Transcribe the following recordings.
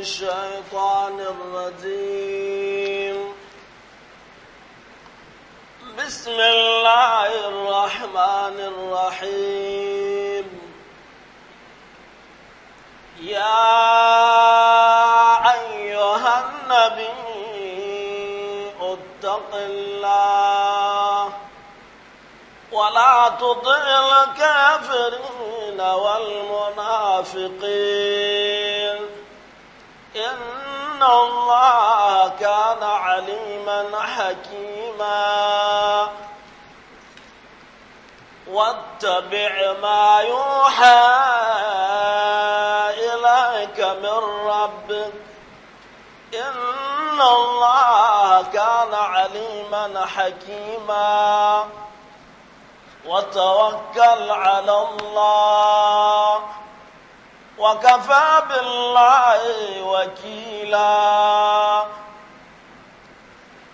الشيطان الرجيم بسم الله الرحمن الرحيم يا أيها النبي اتق الله ولا تطع الكافرين والمنافقين إن الله كان عليما حكيما واتبع ما يوحى إليك من ربك إن الله كان عليما حكيما وتوكل على الله وكفى بالله وكيلا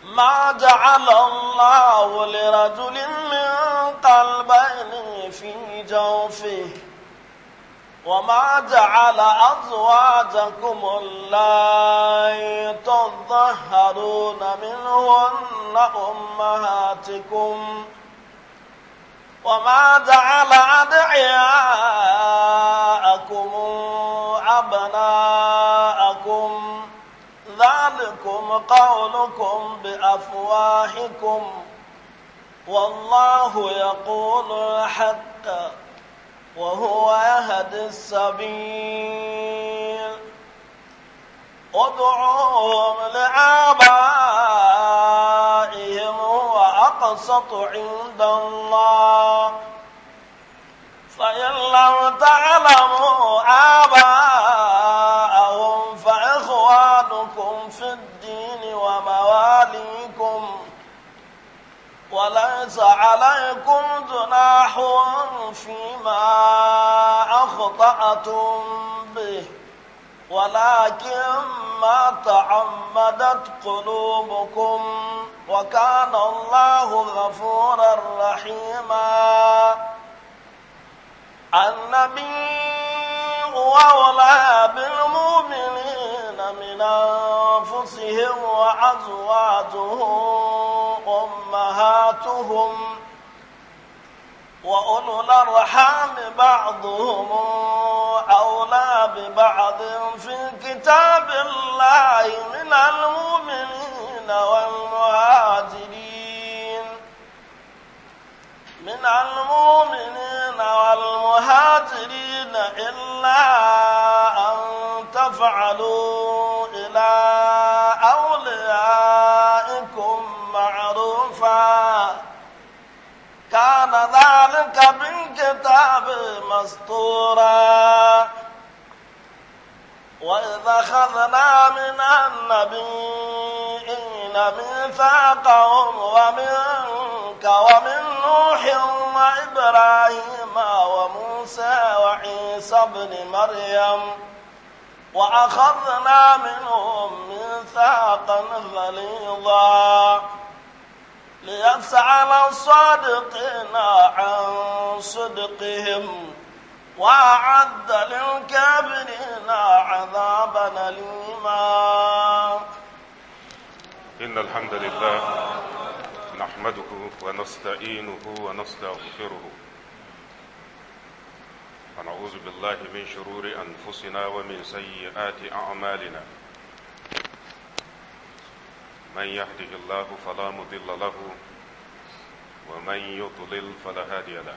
ما جعل الله لرجل من قلبين في جوفه وما جعل أزواجكم الله تظهرون منهن أمهاتكم وما جعل أدعياءكم قولكم بأفواهكم والله يقول الحق وهو يهدي السبيل ادعوهم لآبائهم هو أقسط عند الله فإن لم تعلموا آبائهم وليس عليكم جناح فيما أخطأتم به ولكن ما تعمدت قلوبكم وكان الله غفورا رحيما النبي هو ولا بالمؤمنين من أنفسهم وأزواجهم أمهاتهم وأولو الأرحام بعضهم أولى ببعض في كتاب الله من المؤمنين والمهاجرين من المؤمنين مسطورا وإذ أخذنا من النبيين ميثاقهم ومنك ومن نوح وإبراهيم وموسى وعيسى ابن مريم وأخذنا منهم ميثاقا غليظا ليسأل الصادقين عن صدقهم وأعد للكافرين عذابا لما إن الحمد لله نحمده ونستعينه ونستغفره ونعوذ بالله من شرور أنفسنا ومن سيئات أعمالنا من يهده الله فلا مضل له ومن يضلل فلا هادي له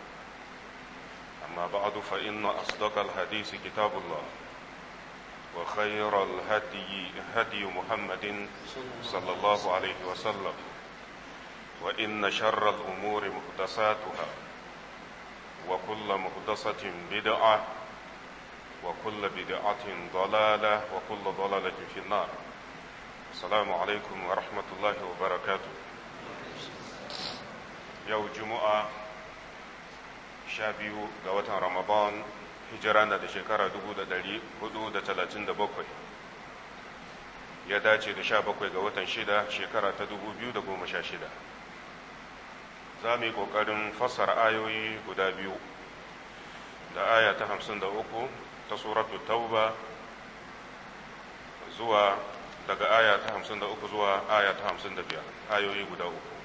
أما بعد فإن أصدق الحديث كتاب الله وخير الهدي هدي محمد صلى الله عليه وسلم وإن شر الأمور محدثاتها وكل محدثة بدعة وكل بدعة ضلالة وكل ضلالة في النار السلام عليكم ورحمة الله وبركاته يوم جمعة sha biyu ga watan ramadan hijira na da shekara 437 ya dace da sha bakwai ga watan shida shekara ta 2016 za mu yi ƙoƙarin fassara ayoyi guda biyu da aya ta 53 ta suratu tauba zuwa daga aya ta 53 zuwa aya ta 55 ayoyi guda uku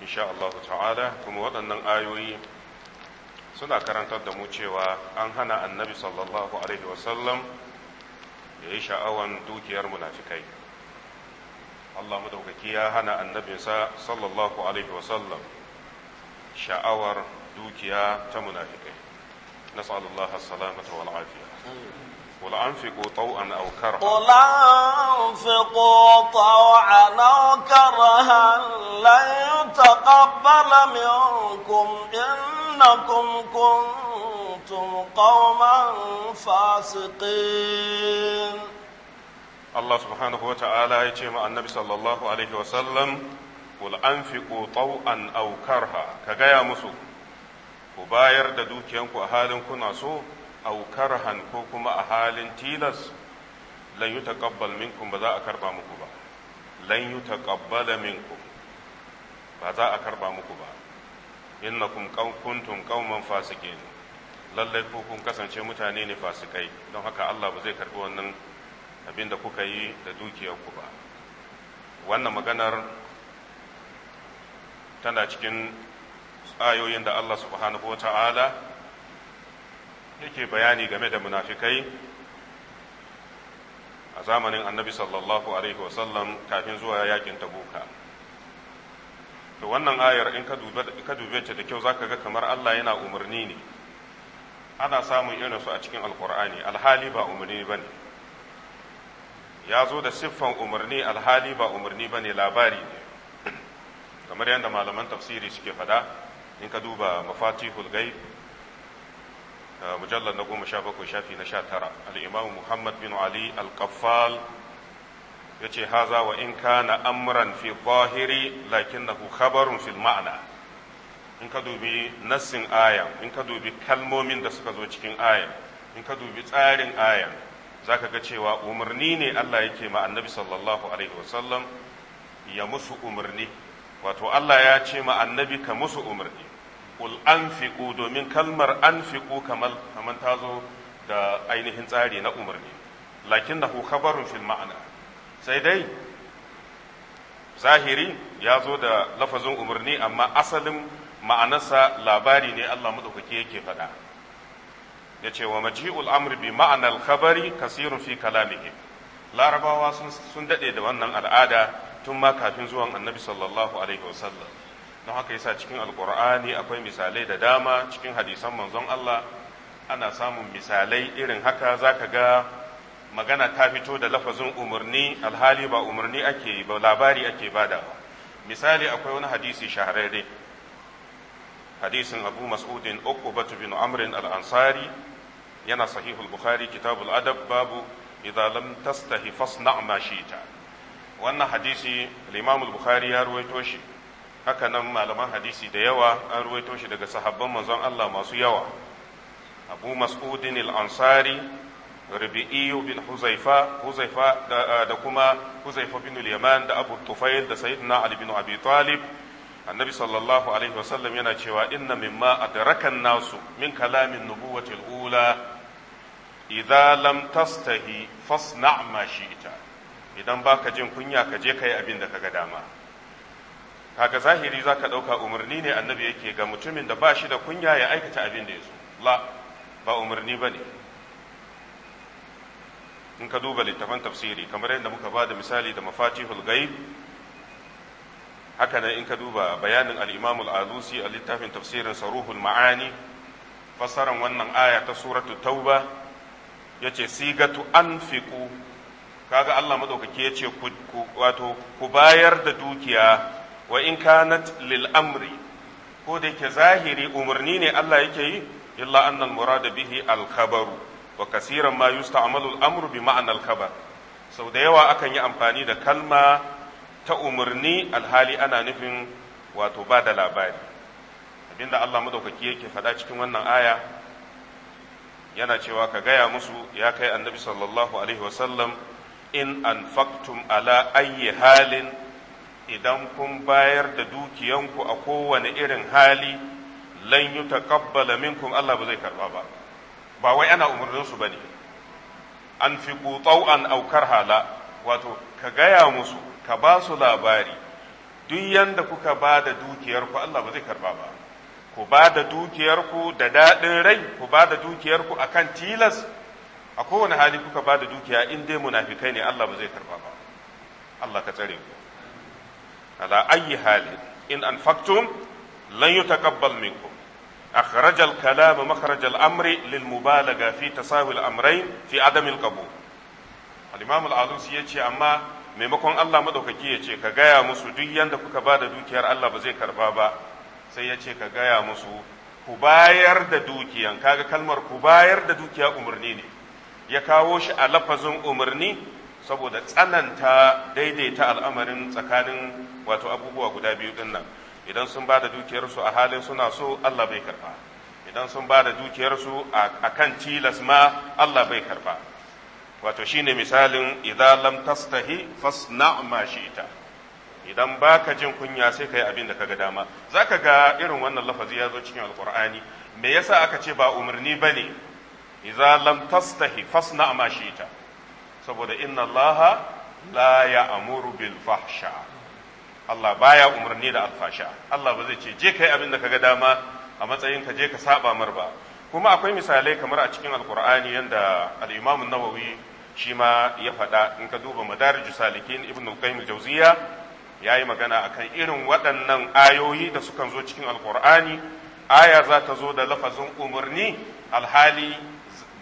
insha Allah ta'ala kuma waɗannan ayoyi suna karantar da mu cewa an hana annabi sallallahu alaihi wasallam ya yi sha'awan dukiyar munafikai Allah madaukaki ya hana annabinsa sallallahu alaihi wasallam sha'awar dukiya ta munafikai nasallallahu salamata wal afiya قل أنفقوا طوعا أو كرها قل أنفقوا طوعا أو كرها لن يتقبل منكم إنكم كنتم قوما فاسقين الله سبحانه وتعالى يتيم النبي صلى الله عليه وسلم قل أنفقوا طوعا أو كرها كجايا مسو ku bayar da dukiyanku a halin kuna so aukarhan ko kuma a halin tilas lan yi minkum ba za a karba muku ba lan yi minkum ba za a karba muku ba innakum kuntum qauman fasiqin lallai ko kun kasance mutane ne fasikai don haka Allah ba zai karbi wannan abin da kuka yi da dukiyarku ba wannan maganar tana cikin ayoyin da Allah subhanahu wa ta'ala yake bayani game da munafikai a zamanin annabi sallallahu alaihi wasallam kafin zuwa yakin tabuka to wannan ayar in ka dube ta da kyau zaka ga kamar Allah yana umarni ne ana samun irin su a cikin alkur'ani alhali ba umarni bane ya zo da siffan umarni alhali ba umarni bane labari ne kamar yadda malaman tafsiri suke fada in ka duba mafatihul gaib mujallar na goma sha bakwai shafi na sha tara al'imamu muhammad bin ali al-qaffal ya ce haza wa in ka na amran fi zahiri lakin na khabarun fil ma'ana in ka dubi nassin ayan in ka dubi kalmomin da suka zo cikin ayan in ka dubi tsarin ayan za ka ga cewa umarni ne allah yake ma annabi sallallahu alaihi wasallam ya musu umarni wato allah ya ce ma annabi ka musu umarni qul anfiqu domin kalmar anfiqu kamar kamar ta zo da ainihin tsari na umarni lakinnahu khabarun fil ma'ana sai dai zahiri ya zo da lafazin umarni amma asalin ma'anarsa labari ne Allah madaukake yake faɗa ya ce wa maji'ul amri bi ma'anar khabari kasirun fi kalamihi larabawa sun daɗe da wannan al'ada tun ma kafin zuwan annabi sallallahu alaihi wasallam don haka yasa cikin alkur'ani akwai misalai da dama cikin hadisan manzon Allah ana samun misalai irin haka zaka ga magana ta fito da lafazin umarni alhali ba umarni ake ba labari ake badawa misali akwai wani hadisi shahararre hadisin abu mas'udin uqbatu bin amrin al-ansari yana sahihul bukhari kitabul adab babu idza lam tastahi fasna' ma shi'ta wannan hadisi al-imam al-bukhari ya ruwaito shi haka nan malaman hadisi da yawa an ruwaito shi daga sahabban manzon Allah masu yawa abu mas'udin al-ansari rabi'iyu bin huzaifa huzaifa da kuma huzaifa bin al-yaman da abu tufail da sayyidina ali bin abi talib annabi sallallahu alaihi wasallam yana cewa inna mimma adrakan nasu min kalamin nubuwati ula idza lam tastahi fasna' shi shi'ta idan baka jin kunya ka je kai abin da kaga dama kaga zahiri zaka ɗauka umarni ne annabi yake ga mutumin da ba shi da kunya ya aikata abin da ya zo. la ba umarni ba ne in ka duba littafan tafsiri kamar yadda muka ba da misali da mafatihul gaib haka nan in ka duba bayanin alimamul imam alusi a littafin tafsirin saruhul ma'ani fassaran wannan aya ta suratu tauba yace sigatu anfiqu kaga Allah madaukake yace ku wato ku bayar da dukiya wa in kanat lil amri ko da yake zahiri umarni ne Allah yake yi illa annal murada bihi al khabaru wa kasiran ma yusta'malu al amru bi ma'na al khabar sau da yawa akan yi amfani da kalma ta umarni alhali ana nufin wato ba da labari abinda Allah madaukaki yake faɗa cikin wannan aya yana cewa ka gaya musu ya kai annabi sallallahu alaihi wasallam in anfaqtum ala ayyi halin idan kun bayar da dukiyanku a kowane irin hali lan yi takabbala minkum Allah ba zai karba ba ba wai ana umarnin su bane an fi an aukar hala wato ka gaya musu ka ba su labari duk yanda kuka ba da dukiyarku Allah ba zai karba ba ku ba da dukiyarku da daɗin rai ku ba da dukiyarku akan tilas a kowane hali kuka ba da dukiya in dai munafikai ne Allah ba zai karba ba Allah ka tsare ku ala ayi hali in anfaqtum lan yutaqabbal minkum أخرج الكلام مخرج الأمر للمبالغة في تساوي الأمرين في عدم القبول الإمام العلوسي يجي أما maimakon Allah maɗaukaki ya ce ka gaya musu duk yadda kuka ba da dukiyar Allah ba zai karba ba sai ya ce ka gaya musu ku bayar da dukiyan kaga kalmar ku bayar da dukiya umarni ne ya kawo shi a lafazin umarni saboda tsananta daidaita al'amarin tsakanin wato abubuwa guda biyu din nan idan sun ba da dukiyarsu a halin suna so Allah bai karba idan sun ba da dukiyarsu a kan tilas ma Allah bai karba wato shine misalin idan lam tastahi fasna ma ita? idan baka jin kunya sai ka yi abin da ga dama zaka ga irin wannan lafazi ya zo cikin alkur'ani me yasa aka ce ba umarni bane idan lam tastahi fasna ma ita? saboda inna allaha la ya'muru bil fahsha Allah baya umarni da alfasha Allah ba zai ce je kai abin da kaga dama a matsayin ka je ka saba mar ba kuma akwai misalai kamar a cikin alkur'ani yanda al-imam an-nawawi shi ma ya faɗa in ka duba madarij salikin ibn al-qayyim al-jawziya yayi magana akan irin waɗannan ayoyi da sukan zo cikin alkur'ani aya za ta zo da lafazin umarni alhali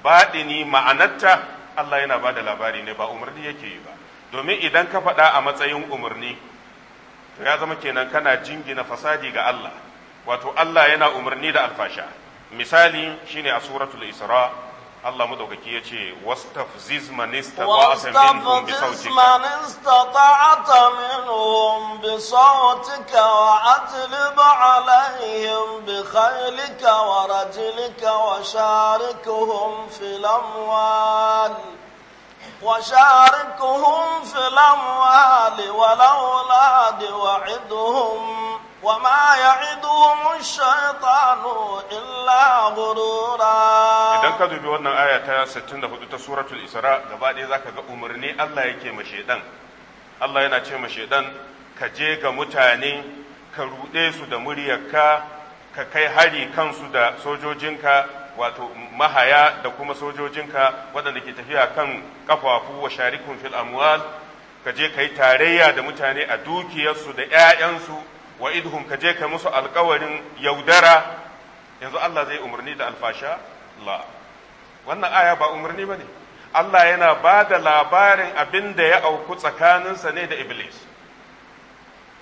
baɗini ma'anarta Allah yana ba da labari ne ba umarni yake yi ba domin idan ka faɗa a matsayin umarni to ya zama kenan kana jingina fasadi ga Allah wato Allah yana umarni da alfasha misali shine a suratul isra Allah madaukaki ya ce wastafziz man istata'ata minhum bi sautika man istata'ata minhum bi sautika wa atlib alaihim bi khaylika wa rajlika wa sharikuhum fil amwal وشاركهم في الأموال والأولاد وعدهم وما يعدهم الشيطان إلا غرورا idan ka dubi wannan aya ta 64 ta suratul isra gaba ɗaya zaka ga umarni Allah yake ma shedan Allah yana ce ma shedan ka je ga mutane ka ruɗe su da muryarka ka kai hari kansu da sojojinka wato mahaya da kuma sojojinka waɗanda ke tafiya kan kafafu wa sharikun fil amwal ka je ka yi tarayya da mutane a dukiyarsu da 'ya'yansu wa idhum ka je ka musu alkawarin yaudara yanzu Allah zai umarni da alfasha la wannan aya ba umarni ba ne Allah yana ba da labarin abin da ya auku tsakaninsa ne da iblis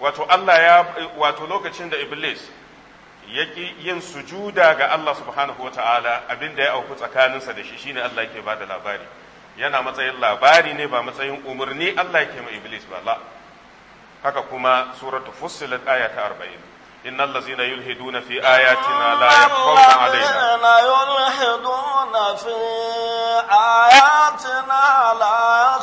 wato Allah ya wato lokacin da iblis yaki yin sujuda ga Allah subhanahu wa ta'ala abin da ya auku tsakaninsa da shi shine Allah yake ba da labari yana matsayin labari ne ba matsayin umarni Allah yake ma iblis ba la haka kuma suratu fussilat aya ta arba'in. innal ladzina yulhiduna fi ayatina la yaqawna alaina yulhiduna fi ayatina la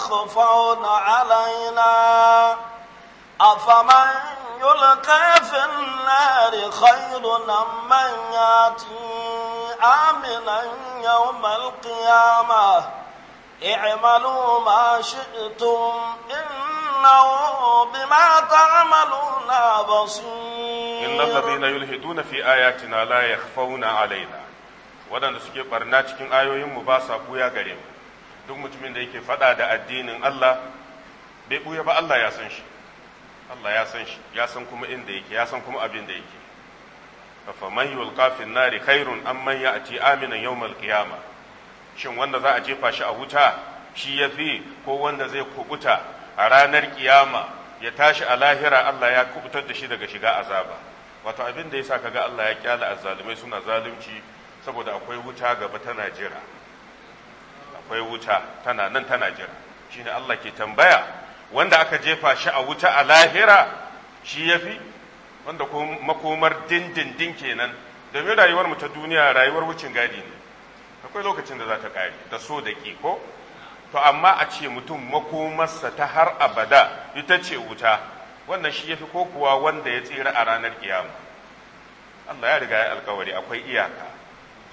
يلقى في النار خير من ياتي آمنا يوم القيامة اعملوا ما شئتم إنه بما تعملون بصير إن الذين يلهدون في آياتنا لا يخفون علينا waɗanda suke ɓarna cikin ayoyinmu ba sa buya gare duk mutumin da yake faɗa da addinin Allah bai buya ba Allah ya san shi Allah ya san shi ya san kuma inda yake ya san kuma abin da yake fa man yulqa fin nari khairun am man ya'ti aminan yau qiyama shin wanda za a jefa shi a wuta shi yafi ko wanda zai kubuta a ranar kiyama ya tashi a lahira Allah ya kubutar da shi daga shiga azaba wato abin da yasa kaga Allah ya kyala azzalumai suna zalunci saboda akwai wuta gaba tana jira akwai wuta tana nan tana jira shine Allah ke tambaya wanda aka jefa shi a wuta a lahira shi ya fi wanda makomar dindindin kenan domin rayuwar mu ta duniya rayuwar wucin gadi ne akwai lokacin da za ta kare da so da ki ko to amma a ce mutum makomarsa ta har abada ita ce wuta wannan shi ya fi ko kuwa wanda ya tsira a ranar kiyama Allah ya riga ya alkawari akwai iyaka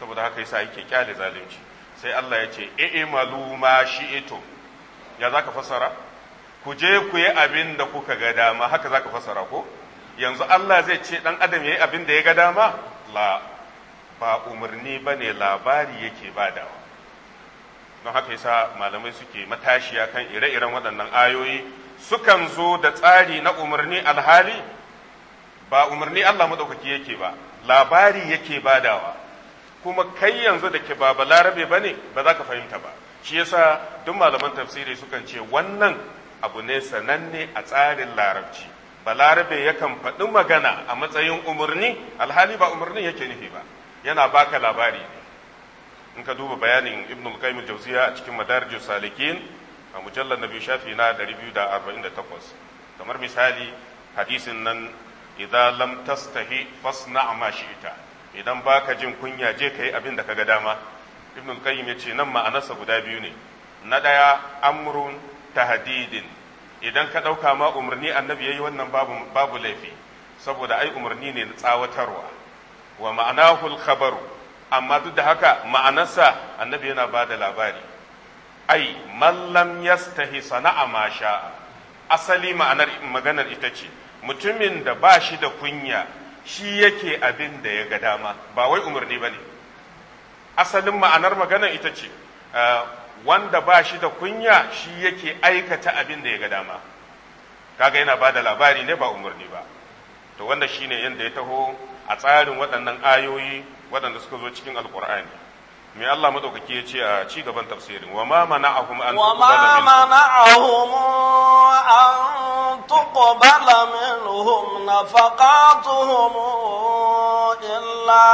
saboda haka yasa yake kyale zalunci sai Allah ya ce e maluma shi ito ya zaka fassara ku je ku yi abin da kuka ga dama haka za ka fasara ko yanzu Allah zai ce ɗan adam ya yi abin da ya ga dama la ba umarni ba ne labari yake badawa don haka yasa malamai suke matashiya kan ire-iren waɗannan ayoyi sukan zo da tsari na umarni alhali ba umarni Allah maɗaukaki yake ba labari yake badawa kuma kai yanzu da ke ba larabe ba ne ba za ka fahimta ba shi yasa duk malaman tafsiri sukan ce wannan abu ne sananne a tsarin larabci balarabe yakan faɗi magana a matsayin umarni alhali ba umarnin yake nufi ba yana baka labari ne in ka duba bayanin ibn al-qayyim jawziya a cikin madarij salikin a mujallar nabi shafi na 248 kamar misali hadisin nan idan lam tastahi fasna ma shi'ta idan baka jin kunya je kai abin da kaga dama ibn al-qayyim yace nan ma'anarsa guda biyu ne na daya amrun tahdidin idan ka ɗauka ma umarni annabi yayi wannan babu babu laifi saboda ai umarni ne na tsawatarwa wa ma'anahu al-khabaru amma duk da haka ma'anarsa annabi yana bada labari ai mallam yastahi sana'a ma sha'a asali ma'anar maganar ita ce mutumin da ba shi da kunya shi yake abin da ya ga dama ba wai umarni ba ne asalin ma'anar maganar ita ce eh, wanda ba shi da kunya shi yake aikata abin da ya ga dama kaga yana ba da labari ne ba umarni ba to wanda shine yadda ya taho a tsarin waɗannan ayoyi waɗanda suka zo cikin alkur'ani mai Allah madaukaki ya ce a ci gaban tafsirin wa ma mana'ahum an tuqbala balamin wa ma mana'ahum an tuqbala minhum nafaqatuhum illa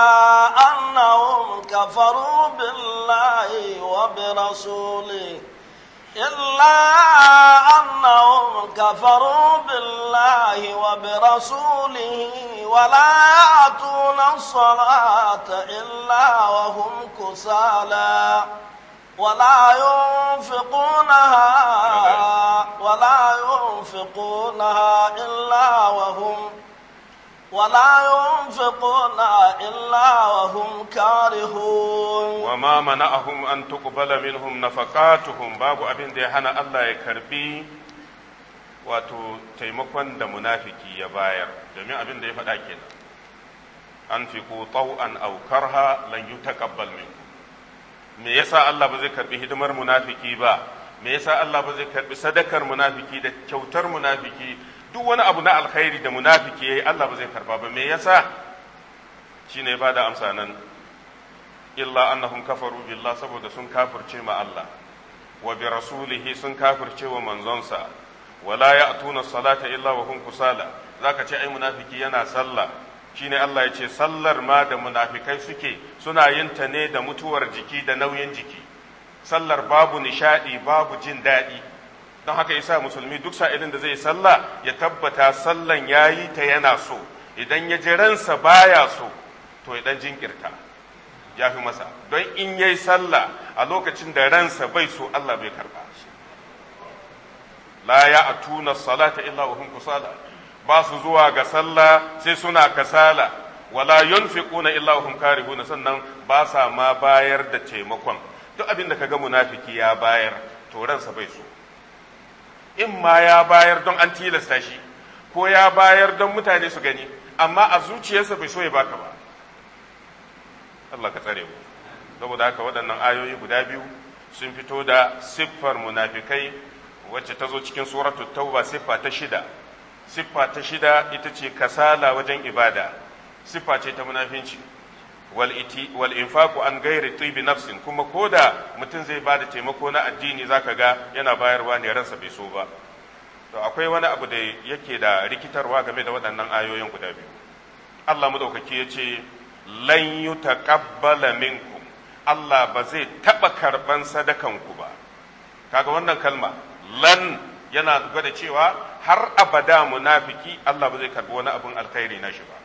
annahum kafaru billahi wa bi rasulihi إلا أنهم كفروا بالله وبرسوله ولا يأتون الصلاة إلا وهم كسالى ولا ينفقونها ولا ينفقونها إلا وهم ولا ينفقون إلا وهم كارهون وما منعهم أن تقبل منهم نفقاتهم باب أبن ديهانا الله يكربي wato taimakon da munafiki ya bayar domin abin da ya faɗa kenan an fi ko an aukarha lan yi takabbal min me yasa Allah ba zai karbi hidimar munafiki ba me yasa Allah ba zai karbi sadakar munafiki da kyautar munafuki? duk wani abu na alkhairi da munafiki yayi Allah ba zai karba ba me yasa shine ba da amsa nan illa annahum kafaru billah saboda sun kafirce ma Allah wa bi rasulihi sun kafirce wa manzonsa wala ya'tuna salata illa wa hum kusala zaka ce ai munafiki yana sallah shine Allah ya ce sallar ma da munafikai suke suna yin ta ne da mutuwar jiki da nauyin jiki sallar babu nishadi babu jin daɗi don haka yasa musulmi duk sa'ilin da zai sallah ya tabbata sallan yayi ta yana so idan ya ji ransa baya so to ya dan jinkirta ya fi masa don in yayi sallah a lokacin da ransa bai so Allah bai karba la ya atuna salata illa wa hum kusala ba su zuwa ga sallah sai suna kasala wala yunfiquna illa wa hum karihuna sannan ba sa ma bayar da taimakon duk abin da kaga munafiki ya bayar to ransa bai so in ma ya bayar don an tilasta shi ko ya bayar don mutane su gani amma a zuciyarsa bai so ya baka ba Allah ka tsare mu saboda haka waɗannan ayoyi guda biyu sun fito da siffar munafikai wacce ta zo cikin suratu tauba siffa ta shida siffa ta shida ita ce kasala wajen ibada siffa ce ta munafinci wal infaqu an ghairi tibi nafsin kuma koda mutum zai bada taimako na addini zaka ga yana bayarwa ne ransa bai so ba to akwai wani abu da yake da rikitarwa game da waɗannan ayoyin guda biyu Allah madaukaki ya ce lan yutaqabbala minkum Allah ba zai taba karban sadakanku ba kaga wannan kalma lan yana gwada cewa har abada munafiki Allah ba zai karbi wani abun alkhairi na shi ba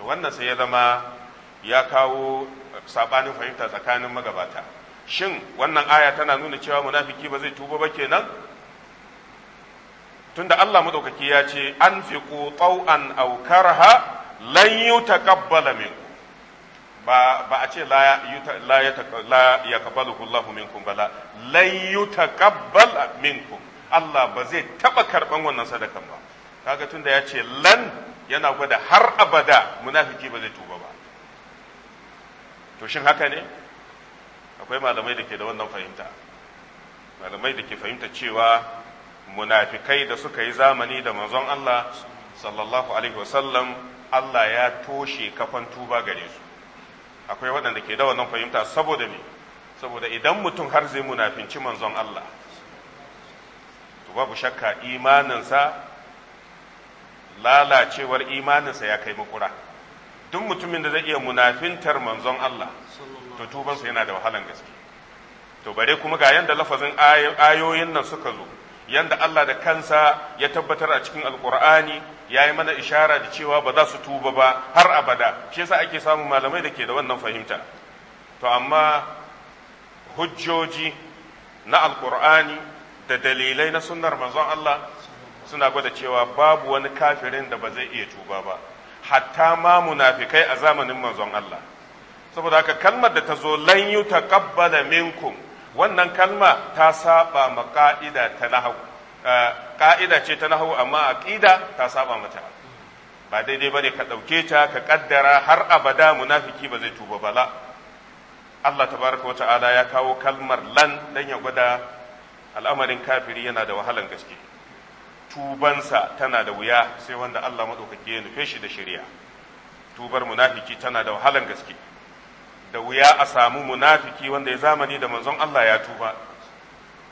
to wannan sai ya zama ya kawo sabanin fahimta tsakanin magabata shin wannan aya tana nuna cewa munafiki ba zai tuba ba kenan tunda Allah madaukaki ya ce an fi an aukarha lan yutaqabbala minkum ba ba a ce la la la yaqbaluhu Allah minkum bala lan yutaqabbala minkum Allah ba zai taba karban wannan sadakan ba kaga tunda ya ce lan yana gwada har abada munafiki ba zai tuba to shin haka ne akwai malamai da ke da wannan fahimta malamai da ke fahimta cewa munafikai da suka yi zamani da manzon Allah sallallahu alaihi wasallam Allah ya toshe kafan tuba gare su akwai waɗanda ke da wannan fahimta saboda me saboda idan mutum har zai munafinci manzon Allah to babu shakka imaninsa lalacewar imaninsa ya kai makura duk mutumin da zai iya munafintar manzon Allah to tubansa yana da wahalan gaske to bare kuma ga yanda lafazin ayoyin nan suka zo yanda Allah da kansa ya tabbatar a cikin alkur'ani ya yi mana ishara da cewa ba za su tuba ba har abada shi yasa ake samun malamai da ke da wannan fahimta to amma hujjoji na alkur'ani da dalilai na sunnar manzon Allah suna gwada cewa babu wani kafirin da ba zai iya tuba ba hatta ma munafikai a zamanin manzon Allah saboda haka kalmar da ta zo lan yu taqabbala minkum wannan kalma ta saba ma ka'ida ta nahawu ka'ida eh, ce ta nahawu amma aqida ta saba mata ba daidai bane ka dauke ta ka kaddara har abada munafiki ba zai tuba bala Allah tabaraka wa ta'ala ya kawo kalmar lan dan ya gwada al'amarin kafiri yana da wahalan gaske tubansa tana da wuya sai wanda Allah maɗaukaki ya nufe shi da shari'a tubar munafiki tana da wahalan gaske da wuya a samu munafiki wanda ya zamani da manzon Allah ya tuba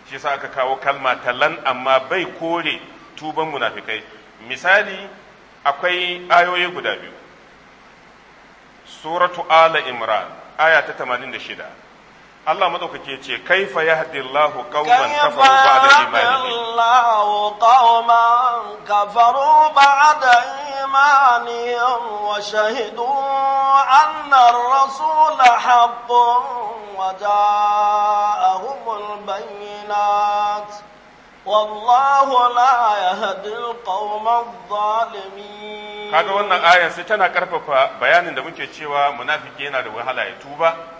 shi yasa aka kawo kalma talan amma bai kore tuban munafikai misali akwai ayoyi guda biyu suratu ala imran aya ta 86 Allah madaukake ce kai yahdillahu qauman kafaru ba'da imanihim Allahu qauman kafaru da imani wa shahidu anna ar-rasul haqqun wa ja'ahum bayyinat والله لا يهدي القوم الظالمين kaga wannan ayan sai tana karfafa bayanin da muke cewa munafiki yana da wahala ya tuba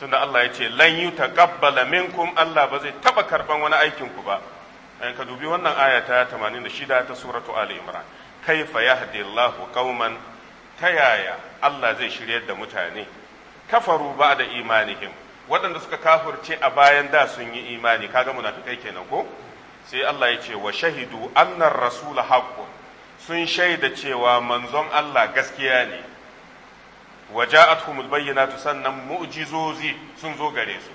tunda Allah ya ce lan taqabbala minkum Allah ba zai taba karban wani aikin ku ba in ka dubi wannan aya ta 86 ta suratu ali imran kaifa yahdi Allah qauman ta yaya Allah zai shiryar da mutane kafaru ba da imanihim waɗanda suka kafirce a bayan da sun yi imani kaga munafikai kenan ko sai Allah ya ce wa shahidu annar rasul haqqun sun shaida cewa manzon Allah gaskiya ne wa ja'atuhumul bayyinatu sannan mu'jizozi sun zo gare su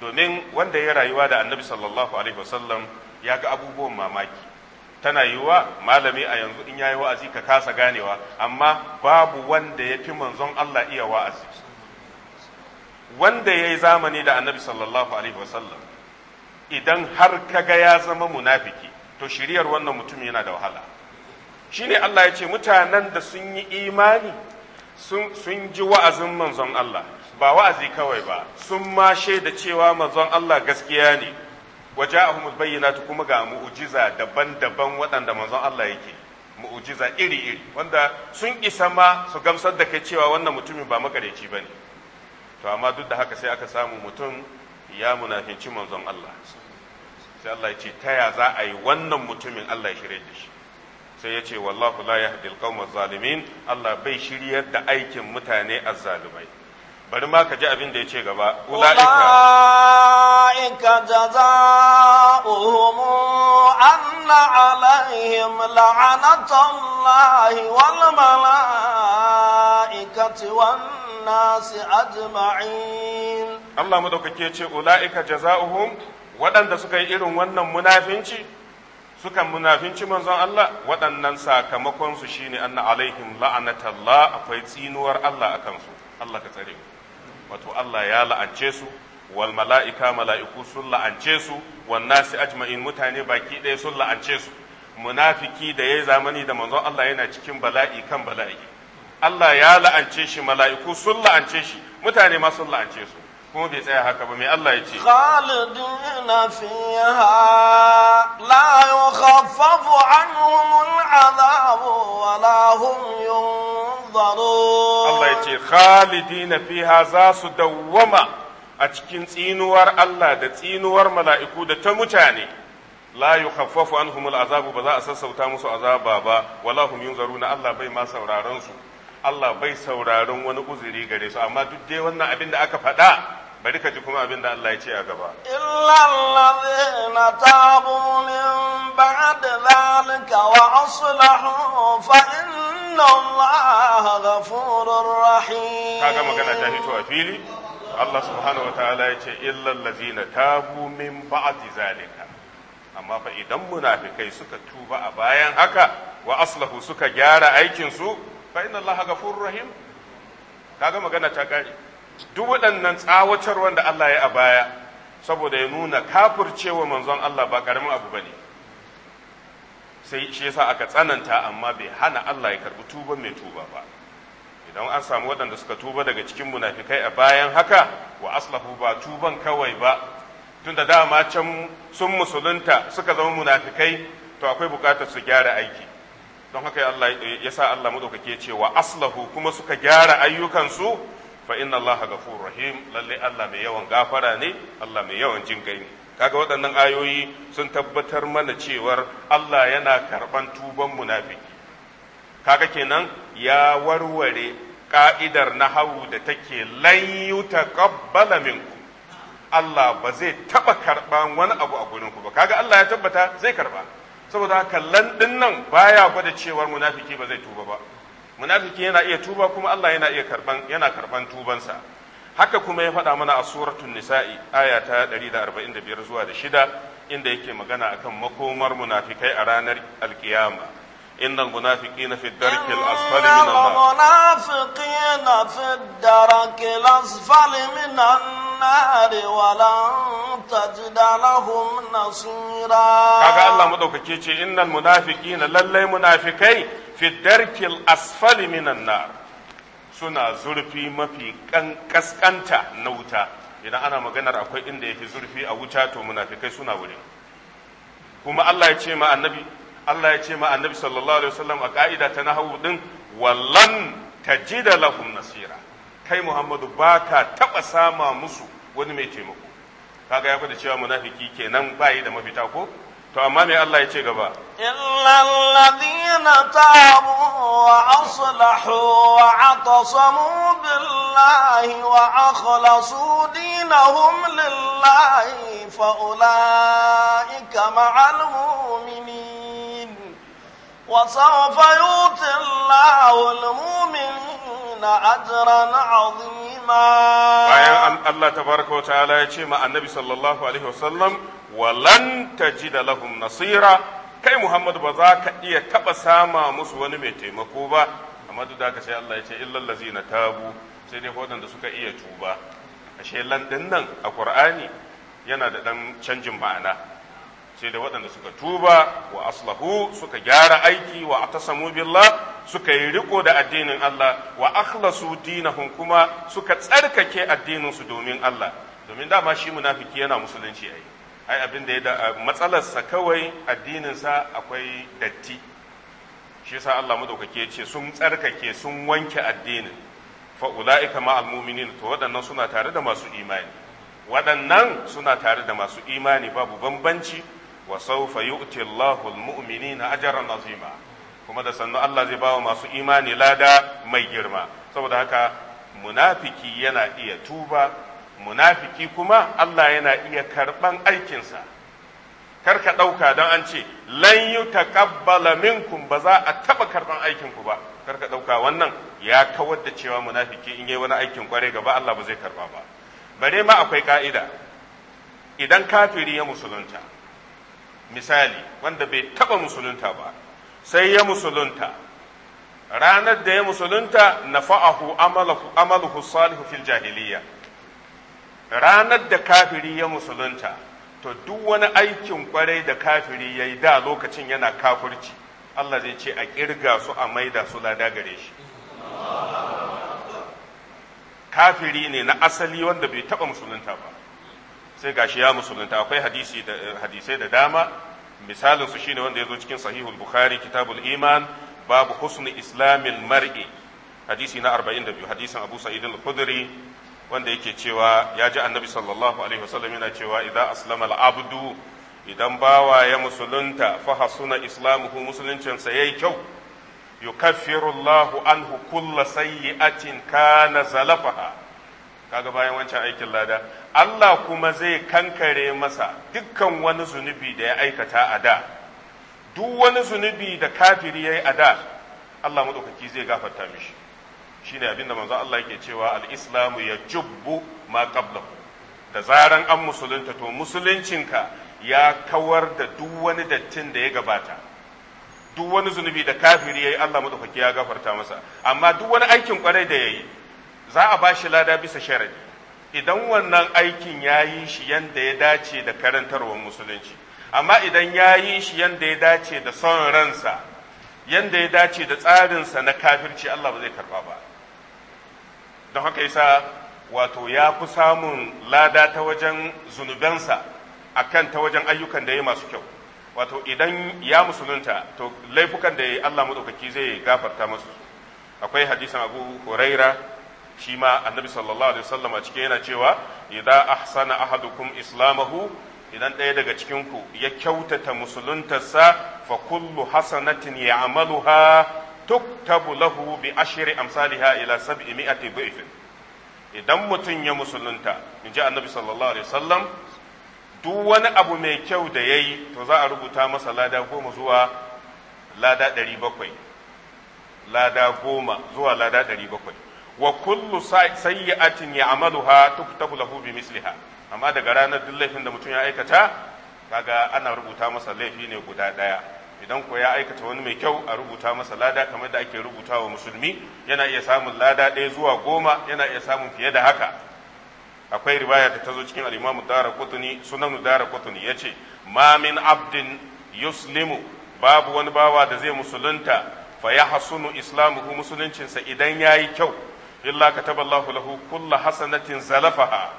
domin wanda ya rayuwa da annabi sallallahu alaihi wasallam ya ga abubuwan mamaki tana yiwuwa malami a yanzu in yayi wa'azi ka kasa ganewa amma babu wanda ya fi manzon Allah iya wa'azi wanda ya yi zamani da annabi sallallahu alaihi wasallam idan har ka ga ya zama munafiki to shiriyar wannan mutum yana da wahala shine Allah ya ce mutanen da sun yi imani sun ji wa'azin manzon Allah ba wa'azi kawai ba sun ma da cewa manzon Allah gaskiya ne waje bayyana ta kuma ga mu'ujiza daban-daban waɗanda manzon Allah yake mu'ujiza iri-iri wanda sun isa ma su gamsar da kai cewa wannan mutumin ba makareci ba ne to amma duk da haka sai aka samu mutum ya munafinci manzon Allah sai Allah ya ce ta ya za a yi wannan mutumin Allah ya shirye da shi sai ya ce wallahu la yahdi alqawma zalimin Allah bai shiryar da aikin mutane azzalumai bari ma ka ji abin da ya ce gaba ulaika jazaohum anna alaihim la'anatullahi wal malaikati wan nasi ajma'in Allah madaukake ce ulaika jazaohum waɗanda suka yi irin wannan munafinci Sukan munafinci manzon Allah waɗannan sakamakonsu shine anna alaihim la'anatallah akwai tsinuwar Allah a kansu Allah ka tsare wato Allah ya la'ance su wal mala'ika mala'iku sun la'ance su wan nasi ajma'in mutane baki ɗaya sun la'ance su munafiki da yayi zamani da manzon Allah yana cikin bala'i kan bala'i Allah ya la'ance shi mala'iku sun la'ance shi mutane ma sun la'ance su kuma bai tsaya haka ba mai Allah ya ce khalidina fiha la yukhaffafu anhum al'adab wa la hum Allah ya ce khalidina fiha za su dawwama a cikin tsinuwar Allah da tsinuwar mala'iku da ta mutane la yukhaffafu anhum al'azab ba za a sassauta musu azaba ba wala hum yunzaruna Allah bai ma sauraron su Allah bai sauraron wani uzuri gare su amma duk dai wannan abin da aka faɗa bari ka ji kuma abin da Allah ya ce a gaba illa allazina tabu min ba'd zalika wa aslahu fa inna allaha ghafurur rahim kaga magana ta fito a fili Allah subhanahu wataala ya ce illa allazina tabu min ba'd zalika amma fa idan munafikai suka tuba a bayan haka wa aslahu suka gyara aikin su fa inna allaha ghafurur rahim kaga magana ta kare duk waɗannan tsawatar wanda Allah ya a baya saboda ya nuna kafircewa manzon Allah ba ƙaramin abu ba ne sai shi yasa aka tsananta amma bai hana Allah ya karɓi tuba mai tuba ba idan an samu waɗanda suka tuba daga cikin munafikai a bayan haka wa aslahu ba tuban kawai ba tunda dama can sun musulunta suka zama munafikai to akwai bukatar su gyara aiki don haka ya sa Allah maɗaukake ce wa aslahu kuma suka gyara ayyukansu fa inna Allah ghafurur rahim lalle Allah mai yawan gafara ne Allah mai yawan jin kaga waɗannan ayoyi sun tabbatar mana cewar Allah yana karban tuban munafiki kaga kenan ya warware ka'idar hawu da take lan yutaqabbala minkum Allah ba zai taba karban wani abu a gurin ku ba kaga Allah ya tabbata zai karba saboda haka lan nan baya gwada cewar munafiki ba zai tuba ba munafiki yana iya tuba kuma Allah yana iya karban yana karban tubansa haka kuma ya faɗa mana a suratul nisa'i aya ta 145 zuwa da shida inda yake magana akan makomar munafikai a ranar alkiyama innal munafiqina fi darkil asfali min an-nar fi asfali min an-nar wa lan tajid lahum nasira kaga Allah madaukake ce innal munafiqina lallai munafikai fi darkil asfali minan suna zurfi mafi kaskanta na wuta idan ana maganar akwai inda yake zurfi a wuta to munafikai suna wurin kuma Allah ya ce ma annabi Allah ya ce ma annabi sallallahu alaihi wasallam a ka'ida ta nahwu din wallan tajida lahum nasira kai Muhammadu baka taba sama musu wani mai taimako kaga ya fada cewa munafiki kenan bai da mafita ko to amma me Allah ya ce gaba illa alladhina tabu wa aslahu wa atasamu billahi wa akhlasu dinahum lillahi fa ulaika ma'al mu'minin wa sawfa yuti al-mu'minin na ajran bayan Allah tabaraka wa ta'ala ya ce ma annabi sallallahu alaihi wasallam walan tajida lahum nasira kai Muhammadu ba za ka iya taba sama musu wani mai taimako ba amma duk da sai Allah ya ce illal na tabu sai dai waɗanda suka iya tuba ashe landan nan a kur'ani yana da ɗan canjin ma'ana sai da waɗanda suka tuba wa aslahu suka gyara aiki wa atasamu billah suka yi riko da addinin Allah wa akhlasu dinahum kuma suka tsarkake addinin su domin Allah domin dama shi munafiki yana musulunci ai ai abin da ya matsalarsa kawai addinin sa akwai datti shi yasa Allah madaukake ya ce sun tsarkake sun wanke addinin fa ulaika ma almu'minin to waɗannan suna tare da masu imani waɗannan suna tare da masu imani babu bambanci wa sawfa yu'ti Allahu al-mu'minina ajran azima kuma da sannu Allah zai bawa masu imani lada mai girma saboda haka munafiki yana iya tuba munafiki kuma Allah yana iya karban aikinsa kar ka ɗauka don an ce lan yi taƙabbala minkum ba za a taɓa karɓan aikinku ba karka ka ɗauka wannan ya kawar da cewa munafiki in yi wani aikin kware gaba Allah ba zai karɓa ba bare ma akwai ka'ida idan kafiri ya musulunta misali wanda bai taba musulunta ba sai ya musulunta ranar da ya musulunta na nafa'ahu amaluhu salihu fil jahiliya ranar da kafiri ya musulunta to duk wani aikin kwarai da kafiri ya yi da lokacin yana kafurci, Allah zai ce a kirga su a maida su lada gare shi kafiri ne na asali wanda bai taba musulunta ba sai gashi ya musulunta akwai hadisi eh, hadisai da dama misalin su shine wanda ya zo cikin sahihul bukhari kitabul iman babu husni islamil mar'i hadisi na 42 hadisin abu sa'id al-khudri wanda yake cewa ya ji annabi sallallahu alaihi wasallam yana cewa idza aslama al-abdu idan bawa ya musulunta fa hasuna islamuhu musuluncinsa yayi kyau yukaffiru Allahu anhu kulla sayyi'atin kana zalafaha kaga bayan wancan aikin lada Allah kuma zai kankare masa dukkan wani zunubi da ya aikata a da duk wani zunubi da kafiri ya yi a da Allah maɗaukaki zai gafarta mishi shi ne abinda manzo Allah yake cewa al'islamu ya jubbu ma ƙabla da zaran an musulunta to musuluncinka ya kawar da duk wani dattin da ya gabata duk wani zunubi da kafiri ya yi Allah maɗaukaki ya gafarta masa amma duk wani aikin kwarai da ya yi za a ba shi lada bisa sharadi idan wannan aikin ya yi shi yadda ya dace da karantarwar musulunci amma idan ya yi shi yadda ya dace da son ransa yadda ya dace da tsarinsa na kafirci Allah ba zai karba ba don haka sa wato ya fi samun lada ta wajen zunubensa a kan ta wajen ayyukan da ya masu kyau wato idan ya musulunta to laifukan da ya yi Allah maɗaukaki zai gafarta masu akwai hadisan abu huraira shi ma annabi sallallahu alaihi wasallam a cike yana cewa idan ahsana ahadukum islamahu idan ɗaya daga cikin ku ya kyautata musuluntarsa fa kullu hasanatin ya'maluha tuktabu lahu bi ashri amsalha ila sab'i mi'ati dhifin idan mutum ya musulunta in ji annabi sallallahu alaihi wasallam duk wani abu mai kyau da yayi to za a rubuta masa lada goma zuwa lada 700 lada goma zuwa lada 700 bakwai wa kullu sayyi'atin ya'maluha tuktabu lahu bi misliha amma daga ranar duk laifin da mutum ya aikata kaga ana rubuta masa laifi ne guda daya idan ko ya aikata wani mai kyau a rubuta masa lada kamar da ake rubuta wa musulmi yana iya samun lada ɗaya zuwa goma yana iya samun fiye da haka akwai riwaya da ta zo cikin al-Imam Daraqutni Sunan ya yace ma min abdin yuslimu babu wani bawa da zai musulunta fa ya yahsunu islamuhu musuluncinsa idan yayi kyau illa kataballahu lahu hasanatin zalafaha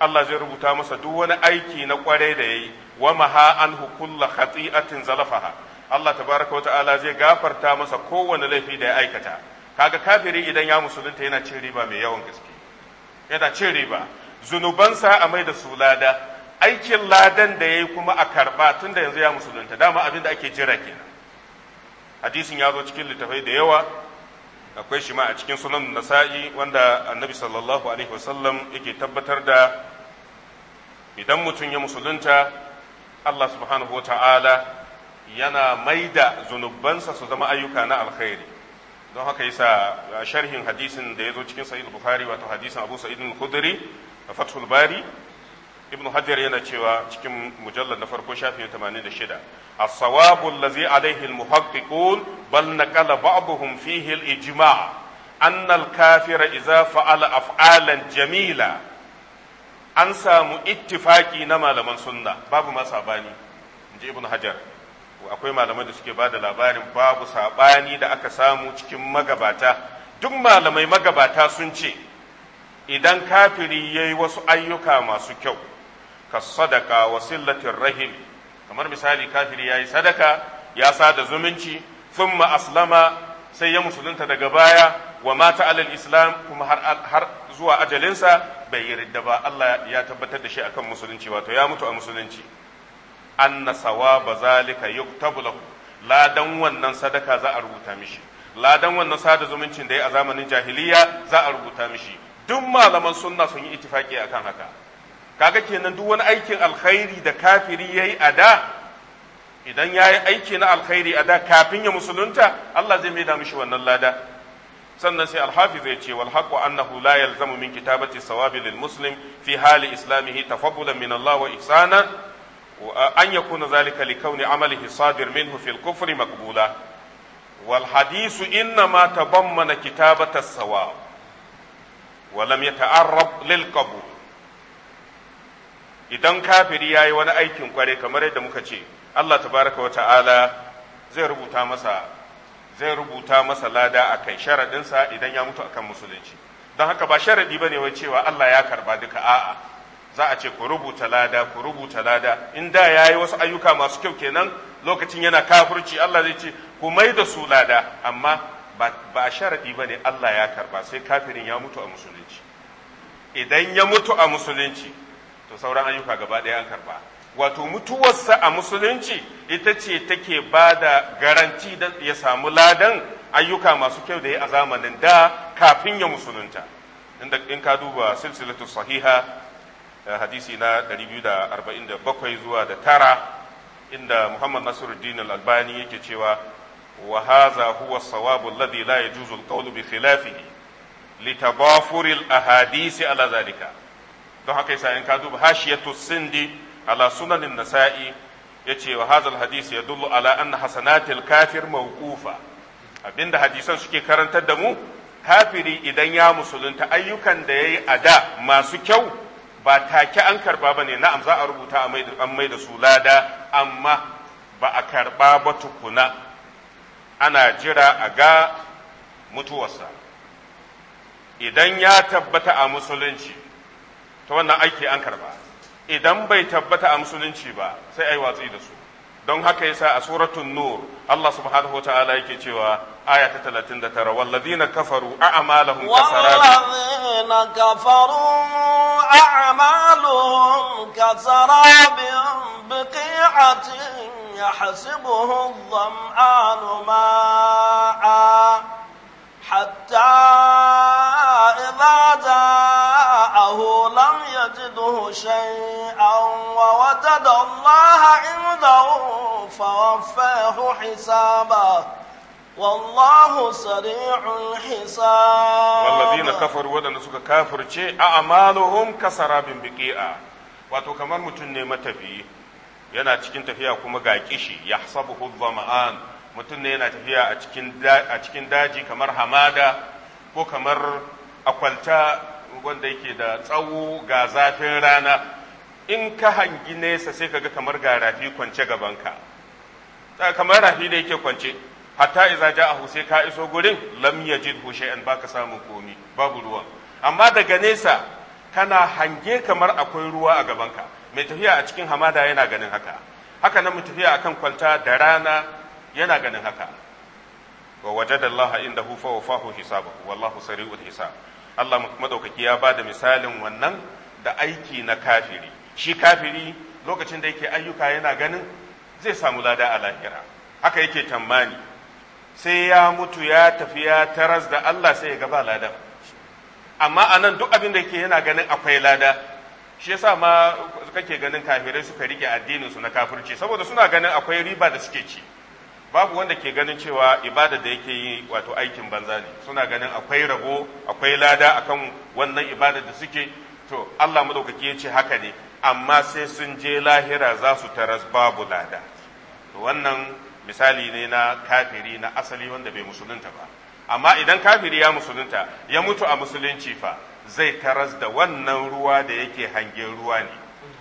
Allah zai rubuta masa duk wani aiki na kwarai da yayi wa maha anhu kulla khati'atin zalafaha Allah tabaraka wa ta'ala zai gafarta masa kowane laifi da ya aikata kaga kafiri idan ya musulunta yana cin riba mai yawan gaske yana cin riba zunubansa a mai da su lada aikin ladan da yayi kuma a karba tunda yanzu ya musulunta dama abin da ake jira kenan hadisin ya zo cikin littafai da yawa akwai shi ma a cikin sunan nasa'i wanda annabi sallallahu alaihi wasallam yake tabbatar da idan mutum ya musulunta Allah subhanahu wa ta'ala yana maida zunubansa su zama ayyuka na alkhairi don haka yasa sharhin hadisin da ya zo cikin sahih bukhari wato hadisin abu sa'id al-khudri a fathul bari ibn hajar yana cewa cikin mujallar na farko shafin 86 الصواب الذي عليه المحققون بل نقل بعضهم فيه الإجماع أن الكافر إذا فعل أفعالا جميلة an samu ittifaki na malaman sunna babu ma sabani inji ibn hajar akwai malamai da suke bada labarin babu saɓani da aka samu cikin magabata duk malamai magabata sun ce idan kafiri ya yi wasu ayyuka masu kyau ka sadaka wa sillatin rahim kamar misali kafiri ya yi sadaka ya sada zumunci sun aslama sai ya musulunta daga baya wa mata alal islam kuma har zuwa ajalinsa bai yi ridda ba Allah ya tabbatar da shi akan musulunci wato ya mutu a musulunci anna sawaba zalika yuktabu lahu ladan wannan sadaka za a rubuta mishi ladan wannan sada zumuncin da ya a zamanin jahiliya za a rubuta mishi duk malaman sunna sun yi ittifaki akan haka kaga kenan duk wani aikin alkhairi da kafiri yayi a da idan yayi aiki na alkhairi a da kafin ya musulunta Allah zai mai da mishi wannan lada sannan sai alhafi ya ce wal annahu la yalzamu min kitabati sawabi lil muslim fi hali islamihi tafaddulan min Allah wa ihsana an yakuna zalika li kauni amalihi sadir minhu fil kufri maqbula wal hadithu innama tabammana kitabata sawab ولم يتعرض للقبول idan kafiri ya yi wani aikin kware kamar yadda muka ce Allah tabaraka wata'ala zai rubuta masa zai rubuta masa lada a kai sharaɗinsa idan ya mutu akan musulunci don haka ba sharaɗi ba ne wai cewa Allah ya karba duka a'a za a ce ku rubuta lada ku rubuta lada in da ya yi wasu ayyuka masu kyau kenan lokacin yana kafurci Allah zai ce ku mai da su lada amma ba sharaɗi ba ne Allah ya karba sai kafirin ya mutu a musulunci idan ya mutu a musulunci to sauran ayyuka gaba ɗaya an karba wato mutuwarsa a musulunci ita ce take ba da garanti da ya samu ladan ayyuka masu kyau da ya a zamanin da kafin ya musulunta inda in ka duba silsilatu sahiha eh, hadisi na 247 zuwa da tara inda muhammad nasiruddin al-albani yake cewa wa hadha huwa as-sawabu alladhi la yajuzu al-qawlu bi khilafihi li al-ahadisi ala zalika don haka yasa in ka duba hashiyatu sindi ala sunanin nasa'i yace wa hadha hadisi yadullu ala anna hasanatil kafir mawqufa abinda hadisan suke karantar da mu kafiri idan ya musulunta ayyukan da yayi a da masu kyau ba take an karba ne na'am za a rubuta an mai da su lada amma ba a karba ba tukuna ana jira a ga mutuwarsa idan ya tabbata a musulunci ta wannan aiki an karba idan bai tabbata a musulunci ba sai ayi watsi da su don haka yasa a suratun nur Allah subhanahu wa ta'ala yake cewa aya ta 39 walladhina kafaru a'malahum kasarabin walladhina kafaru a'maluhum kasarabin biqi'atin يحسبه الظمآن ماء حتى إذا جاء له لم يجده شيئا ووجد الله عنده فوفاه حسابه والله سريع الحساب والذين كفروا ودن سوك كافر شيء أعمالهم كسراب بقيئة wato kamar mutum ne matafiyi yana cikin tafiya kuma ga kishi ya sabu zama'an mutum ne yana tafiya a cikin daji kamar hamada ko kamar akwalta wanda yake da tsawo ga zafin rana in ka hangi nesa sai ka ga kamar ga rafi kwance gabanka kamar rafi da yake kwance hatta iza ja a sai ka iso gurin lam yajidhu shay'an baka samu komi babu ruwan amma daga nesa kana hange kamar akwai ruwa a gabanka mai tafiya a cikin hamada yana ganin haka haka nan mu tafiya akan kwanta da rana yana ganin haka wa wajadallaha indahu fa fahu hisabahu wallahu sari'ul hisab Allah madaukaki ya ba da misalin wannan da aiki na kafiri shi kafiri lokacin da yake ayyuka yana ganin zai samu lada a lahira haka yake tammani sai ya mutu ya tafi ya taras da Allah sai ya gaba lada amma a nan duk abin da yake yana ganin akwai lada shi yasa ma kake ganin kafirai suka rike addinin su na kafirci saboda suna ganin akwai riba da suke ci babu wanda ke ganin cewa ibada da yake yi wato aikin banza ne suna ganin akwai rago akwai lada akan wannan ibada da suke to Allah madaukaki ya ce haka ne amma sai sun je lahira za su taras babu lada to wannan misali ne na kafiri na asali wanda bai musulunta ba amma idan kafiri ya musulunta ya mutu a musulunci fa zai taras da wannan ruwa da yake hangen ruwa ne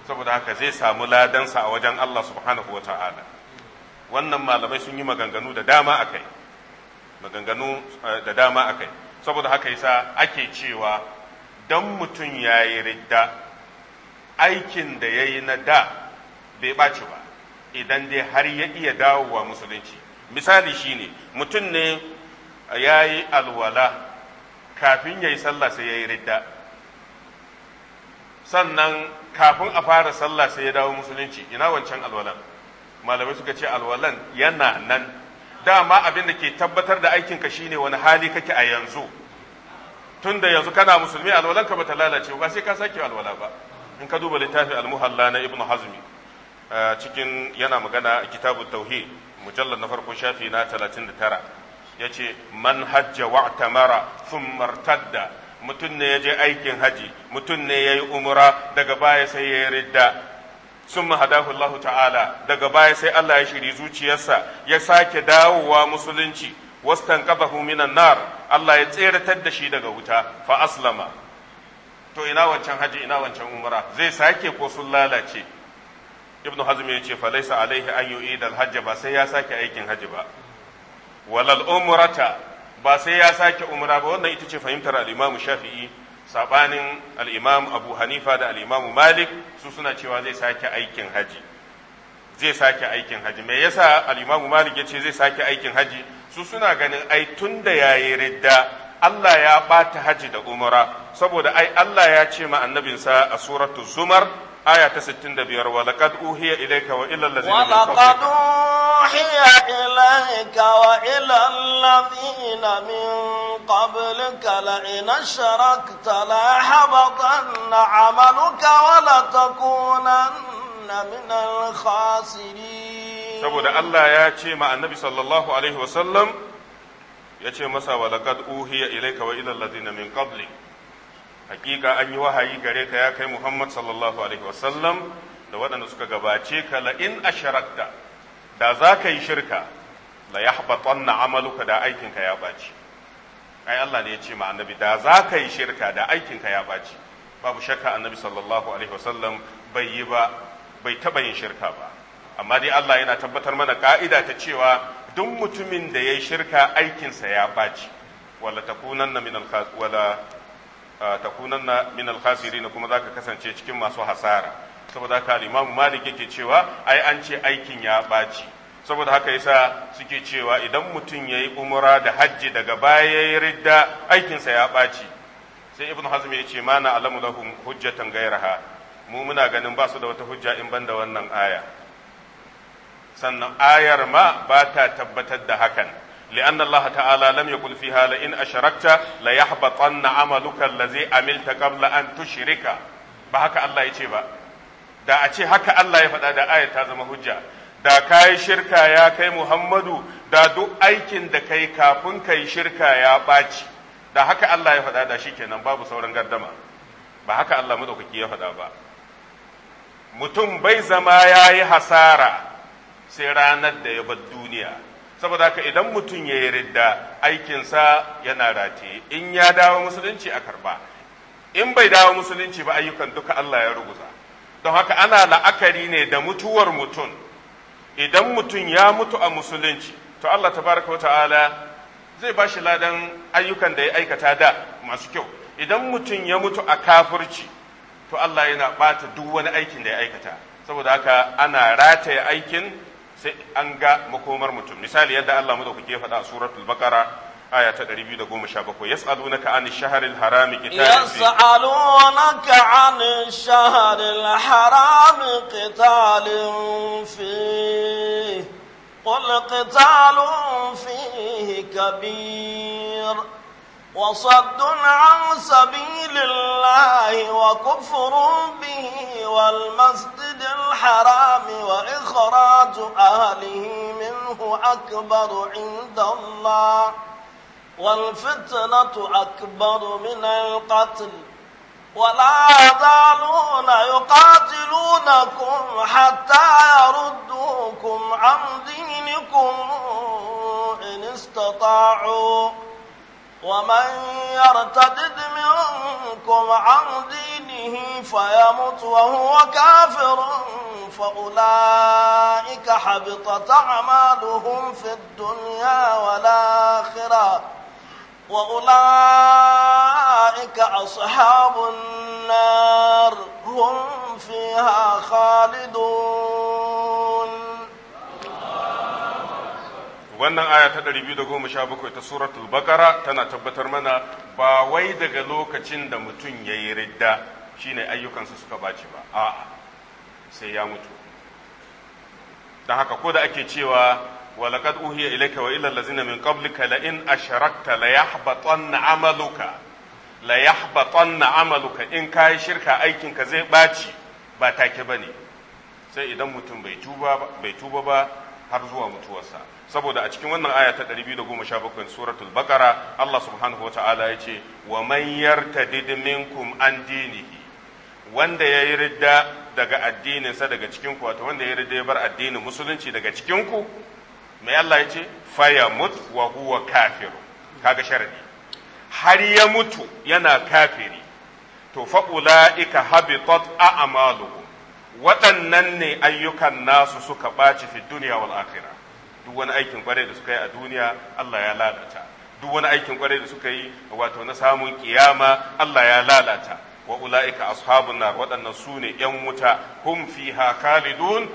saboda haka zai samu ladansa a wajen Allah subhanahu wata'ala wannan malamai sun yi maganganu da dama a kai maganganu eh, da dama a kai saboda haka yasa ake cewa don mutum ya yi ridda aikin da ya yi na da bai ɓaci ba idan dai har ya iya dawowa musulunci misali shine mutum ne ya yi alwala kafin ya yi sallah sai ya yi ridda sannan kafin a fara sallah sai ya dawo musulunci ina wancan alwalan malamai suka ce alwalan yana nan dama abin da ke tabbatar da aikinka shine wani hali kake a yanzu tun da yanzu kana musulmi alwalanka bata lalace ba sai ka sake alwala ba in ka duba littafin almuhalla na ibnu hazmi cikin yana magana a kitabu tauhid mujallar na farko shafi na 39 yace man hajja wa tamara thumma irtadda mutum ne ya je aikin haji mutum ne ya yi umura daga baya sai ya yi ridda Sun hadahu Allah ta'ala daga baya sai Allah ya shiri zuciyarsa ya sake dawowa musulunci wastanqadahu minan nar Allah ya tseratar da shi daga wuta fa aslama to ina wancan haji ina wancan umra zai sake ko sun lalace ibnu hazm ya ce fa laysa alaihi an yu'ida al ba sai ya sake aikin haji ba walal umrata ba sai ya sake umra ba wannan ita ce fahimtar al-imam shafi'i saɓanin al'imam abu hanifa da al'imamu malik su suna cewa zai sake aikin haji zai sake aikin haji me yasa al'imamu malik ya ce zai sake aikin haji su suna ganin ai tunda da ya yi ridda allah ya ɓata haji da umara saboda ai allah ya ce ma annabinsa a suratul zumar aya ta 65 wa laqad uhiya ilayka wa ila allazina min qablika wa laqad uhiya wa ila allazina min qablika la in asharakta la habatanna 'amaluka wa la takunanna min al saboda Allah ya ce ma annabi sallallahu alaihi wasallam ya ce masa wa laqad wa ila hakika an yi wahayi gare ka ya kai Muhammad sallallahu alaihi wasallam da waɗanda suka gabace ka la in asharakta da za ka yi shirka la yahbatanna amaluka da aikinka ya baci ai Allah ne ya ce ma annabi da za ka yi shirka da aikinka ya baci babu shakka annabi sallallahu alaihi wasallam bai yi ba bai taɓa yin shirka ba amma dai Allah yana tabbatar mana ka'ida ta cewa duk mutumin da ya yi shirka aikinsa ya baci wala na min al wala takunanna min al-khasirin kuma zaka kasance cikin masu hasara saboda haka al-Imam Malik yake cewa ai an ce aikin ya baci saboda haka yasa suke cewa idan mutum yayi umra da hajji daga baya yayi ridda aikin sa ya baci sai Ibn Hazm ya ce mana alamu lahum hujjatan gairaha mu muna ganin ba su da wata hujja in banda wannan aya sannan ayar ma ba ta tabbatar da hakan لأن الله تعالى لم يقل فيها لئن أشركت ليحبطن عملك الذي عملت قبل أن تشرك بهك الله يتيبا da a ce haka Allah ya faɗa da aya ta zama hujja da ka yi shirka ya kai Muhammadu da duk aikin da kai kafin ka yi shirka ya ɓaci da haka Allah ya faɗa da shi kenan babu sauran gardama ba haka Allah maɗaukaki ya faɗa ba mutum bai zama ya yi hasara sai ranar da ya bar duniya saboda haka idan mutum ya yi ridda aikinsa yana rataye in ya dawo musulunci a karba in bai dawo musulunci ba ayyukan duka Allah ya ruguza don haka ana la'akari ne da mutuwar mutum idan mutum ya mutu a musulunci to Allah tabaraka wata'ala zai ba shi ladan ayyukan da ya aikata da masu kyau idan mutum ya mutu a kafurci to Allah yana bata duk wani aikin da ya aikata saboda haka ana rataye aikin sai an ga makomar mutum misali yadda Allah mu dauki faɗa a suratul baqara aya ta 217 yas'alunaka an ash-shahril harami qitalin yas'alunaka an ash-shahril harami qitalin fi qul qitalun fihi kabir وصد عن سبيل الله وكفر به والمسجد الحرام وإخراج أهله منه أكبر عند الله والفتنة أكبر من القتل ولا يزالون يقاتلونكم حتى يردوكم عن دينكم إن استطاعوا ومن يرتدد منكم عن دينه فيمت وهو كافر فأولئك حبطت أعمالهم في الدنيا والآخرة وأولئك أصحاب النار هم فيها خالدون wannan aya ta ɗari da 217 ta suratul bakara tana tabbatar mana ba wai daga lokacin da mutum ya yi ridda shine ayyukansa suka bace ba a'a sai ya mutu Da haka ko da ake cewa walakad uhiya ilayka wa ilal ladzina min qablika la in asharakta la yahbatanna amaluka la yahbatanna amaluka in kai shirka aikin ka zai ɓaci ba take bane sai idan mutum bai tuba ba har zuwa mutuwarsa saboda a cikin wannan aya ta 217 suratul baqara Allah subhanahu ta'ala ya ce wa man yartadid minkum an dinihi wanda ya yi ridda daga addininsa daga cikinku wato wanda ya ridda ya bar addinin musulunci daga cikinku mai Allah ya ce faya mut wa huwa kafiru kaga sharadi har ya mutu yana kafiri to fa ulaika habitat a'maluhu waɗannan ne ayyukan nasu suka ɓaci fi duniya wal duk wani aikin kware da suka yi a duniya Allah ya lalata duk wani aikin kware da suka yi wato na samun kiyama Allah ya lalata wa ula'ika ashabun nar waɗannan su ne ‘yan wuta hum fiha khalidun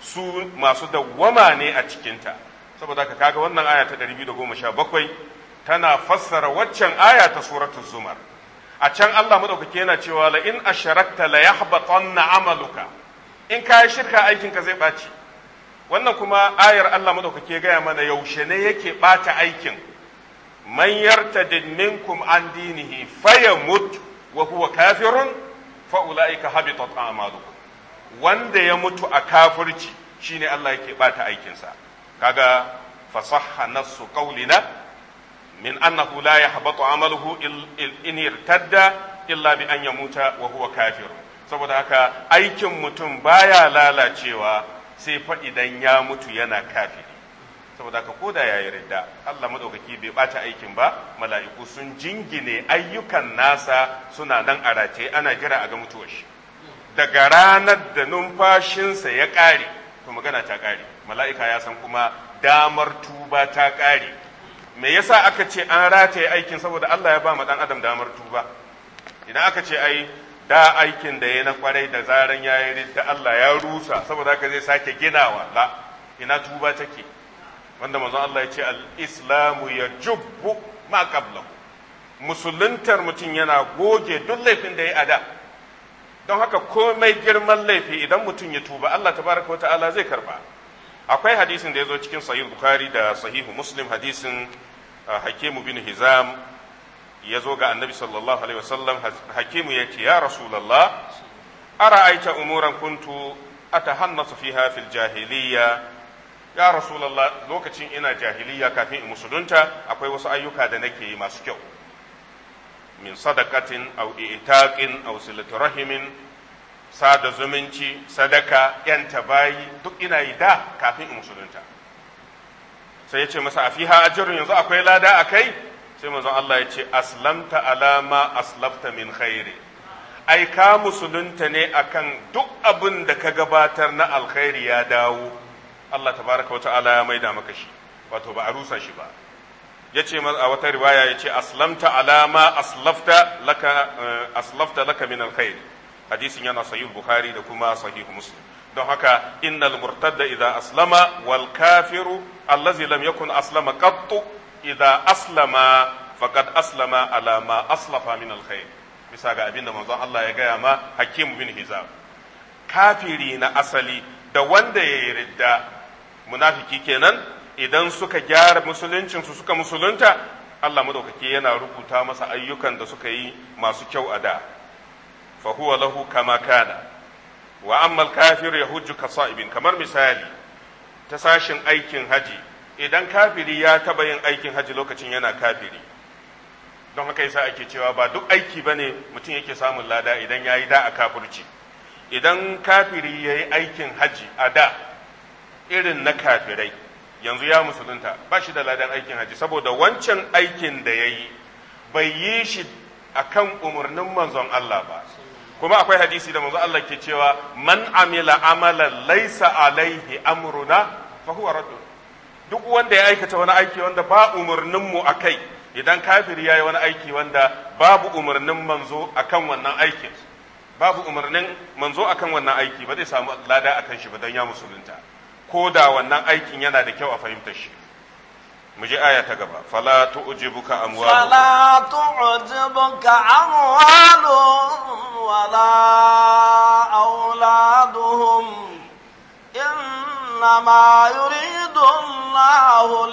su masu dawwama ne a cikinta saboda ka kaga wannan aya ta 217 tana fassara waccan aya ta suratul zumar a can Allah madaukake yana cewa la in asharakta la yahbatanna amaluka in ka yi shirka aikinka zai ɓaci wannan kuma ayar Allah madaukake gaya mana yaushe ne yake ɓata aikin man da minkum an dinihi fayamut wa huwa kafirun fa ulaika habitat amalu wanda ya mutu a kafirci shine Allah yake ɓata aikinsa kaga fasaha nasu qaulina min annahu la yahbatu amaluhu in irtadda illa bi an yamuta wa huwa kafirun saboda haka aikin mutum baya lalacewa sai fa idan ya mutu yana kafiri saboda haka koda ya yi ridda Allah madaukaki bai bata aikin ba mala'iku sun jingine ayyukan nasa suna nan a rataye ana jira a ga mutuwar shi daga ranar da numfashinsa ya ƙare to magana ta ƙare mala'ika ya san kuma damar tuba ta ƙare me yasa aka ce an rataye aikin saboda Allah ya ba mu dan adam damar tuba idan aka ce ai da aikin da ya na kwarai da zaran ya yi da Allah ya rusa saboda haka zai sake ginawa la ina tuba take wanda manzon Allah ya ce al-islamu ya jubbu ma qabla. musuluntar mutum yana goge duk laifin da ya ada don haka komai girman laifi idan mutum ya tuba Allah tabaraka wata'ala zai karba akwai hadisin da ya zo cikin sahih bukhari da sahihu muslim hadisin ah, hakimu bin hizam ya zo ga annabi sallallahu alaihi wasallam hakimu ya ce ya rasulallah ara aita umuran kuntu atahannasu fi fil jahiliya ya rasulallah lokacin ina jahiliya kafin in musulunta akwai wasu ayyuka da nake yi masu kyau min sadakatin au itaqin au silatu rahimin sada zumunci sadaka yanta bayi duk ina yi da kafin in musulunta sai ya ce masa afiha ajrun yanzu akwai lada akai sai manzon Allah ya ce aslamta alama aslafta min khairi ai ka musulunta ne akan duk abin da ka gabatar na alkhairi ya dawo Allah tabaraka wa ta'ala ya maida maka shi wato ba a rusa shi ba yace ce a wata riwaya ya ce aslamta alama aslafta laka eh, aslafta laka min alkhairi hadisin yana sahih bukhari da kuma sahih muslim don haka innal murtadda idza aslama wal kafiru allazi lam yakun aslama qattu idza aslama faqad aslama ala ma aslafa min alkhair bisa ga abinda da manzon Allah ya gaya ma Hakim bin hizab. kafiri na asali da wanda ya yarda munafiki kenan idan suka gyara musuluncin su suka musulunta Allah madaukaki yana rubuta masa ayyukan da suka yi masu kyau a da fa huwa lahu kama kana wa amma alkafir yahujju kasa'ibin kamar misali ta sashin aikin haji idan kafiri ya taba yin aikin hajji lokacin yana kafiri don haka yasa ake cewa ba duk aiki bane mutum yake samun lada idan yayi da a kafirci idan kafiri yayi aikin hajji a da irin na kafirai yanzu ya musulunta ba shi da ladan aikin hajji saboda wancan aikin da yayi bai yi shi akan umarnin manzon Allah ba kuma akwai hadisi da manzon Allah ke cewa man amila amalan laysa alaihi amruna fa huwa raddun duk wanda ya aikata wani aiki wanda ba umarnin mu akai idan kafiri yayi wani aiki wanda babu umarnin manzo akan wannan aikin babu umarnin manzo akan wannan aiki ba zai samu lada akan shi ba dan ya musulunta ko da wannan aikin yana da kyau a fahimtar shi mu ji aya ta gaba fala tu'jibuka amwalu fala tu'jibuka amwalu wala auladuhum إنما يريد الله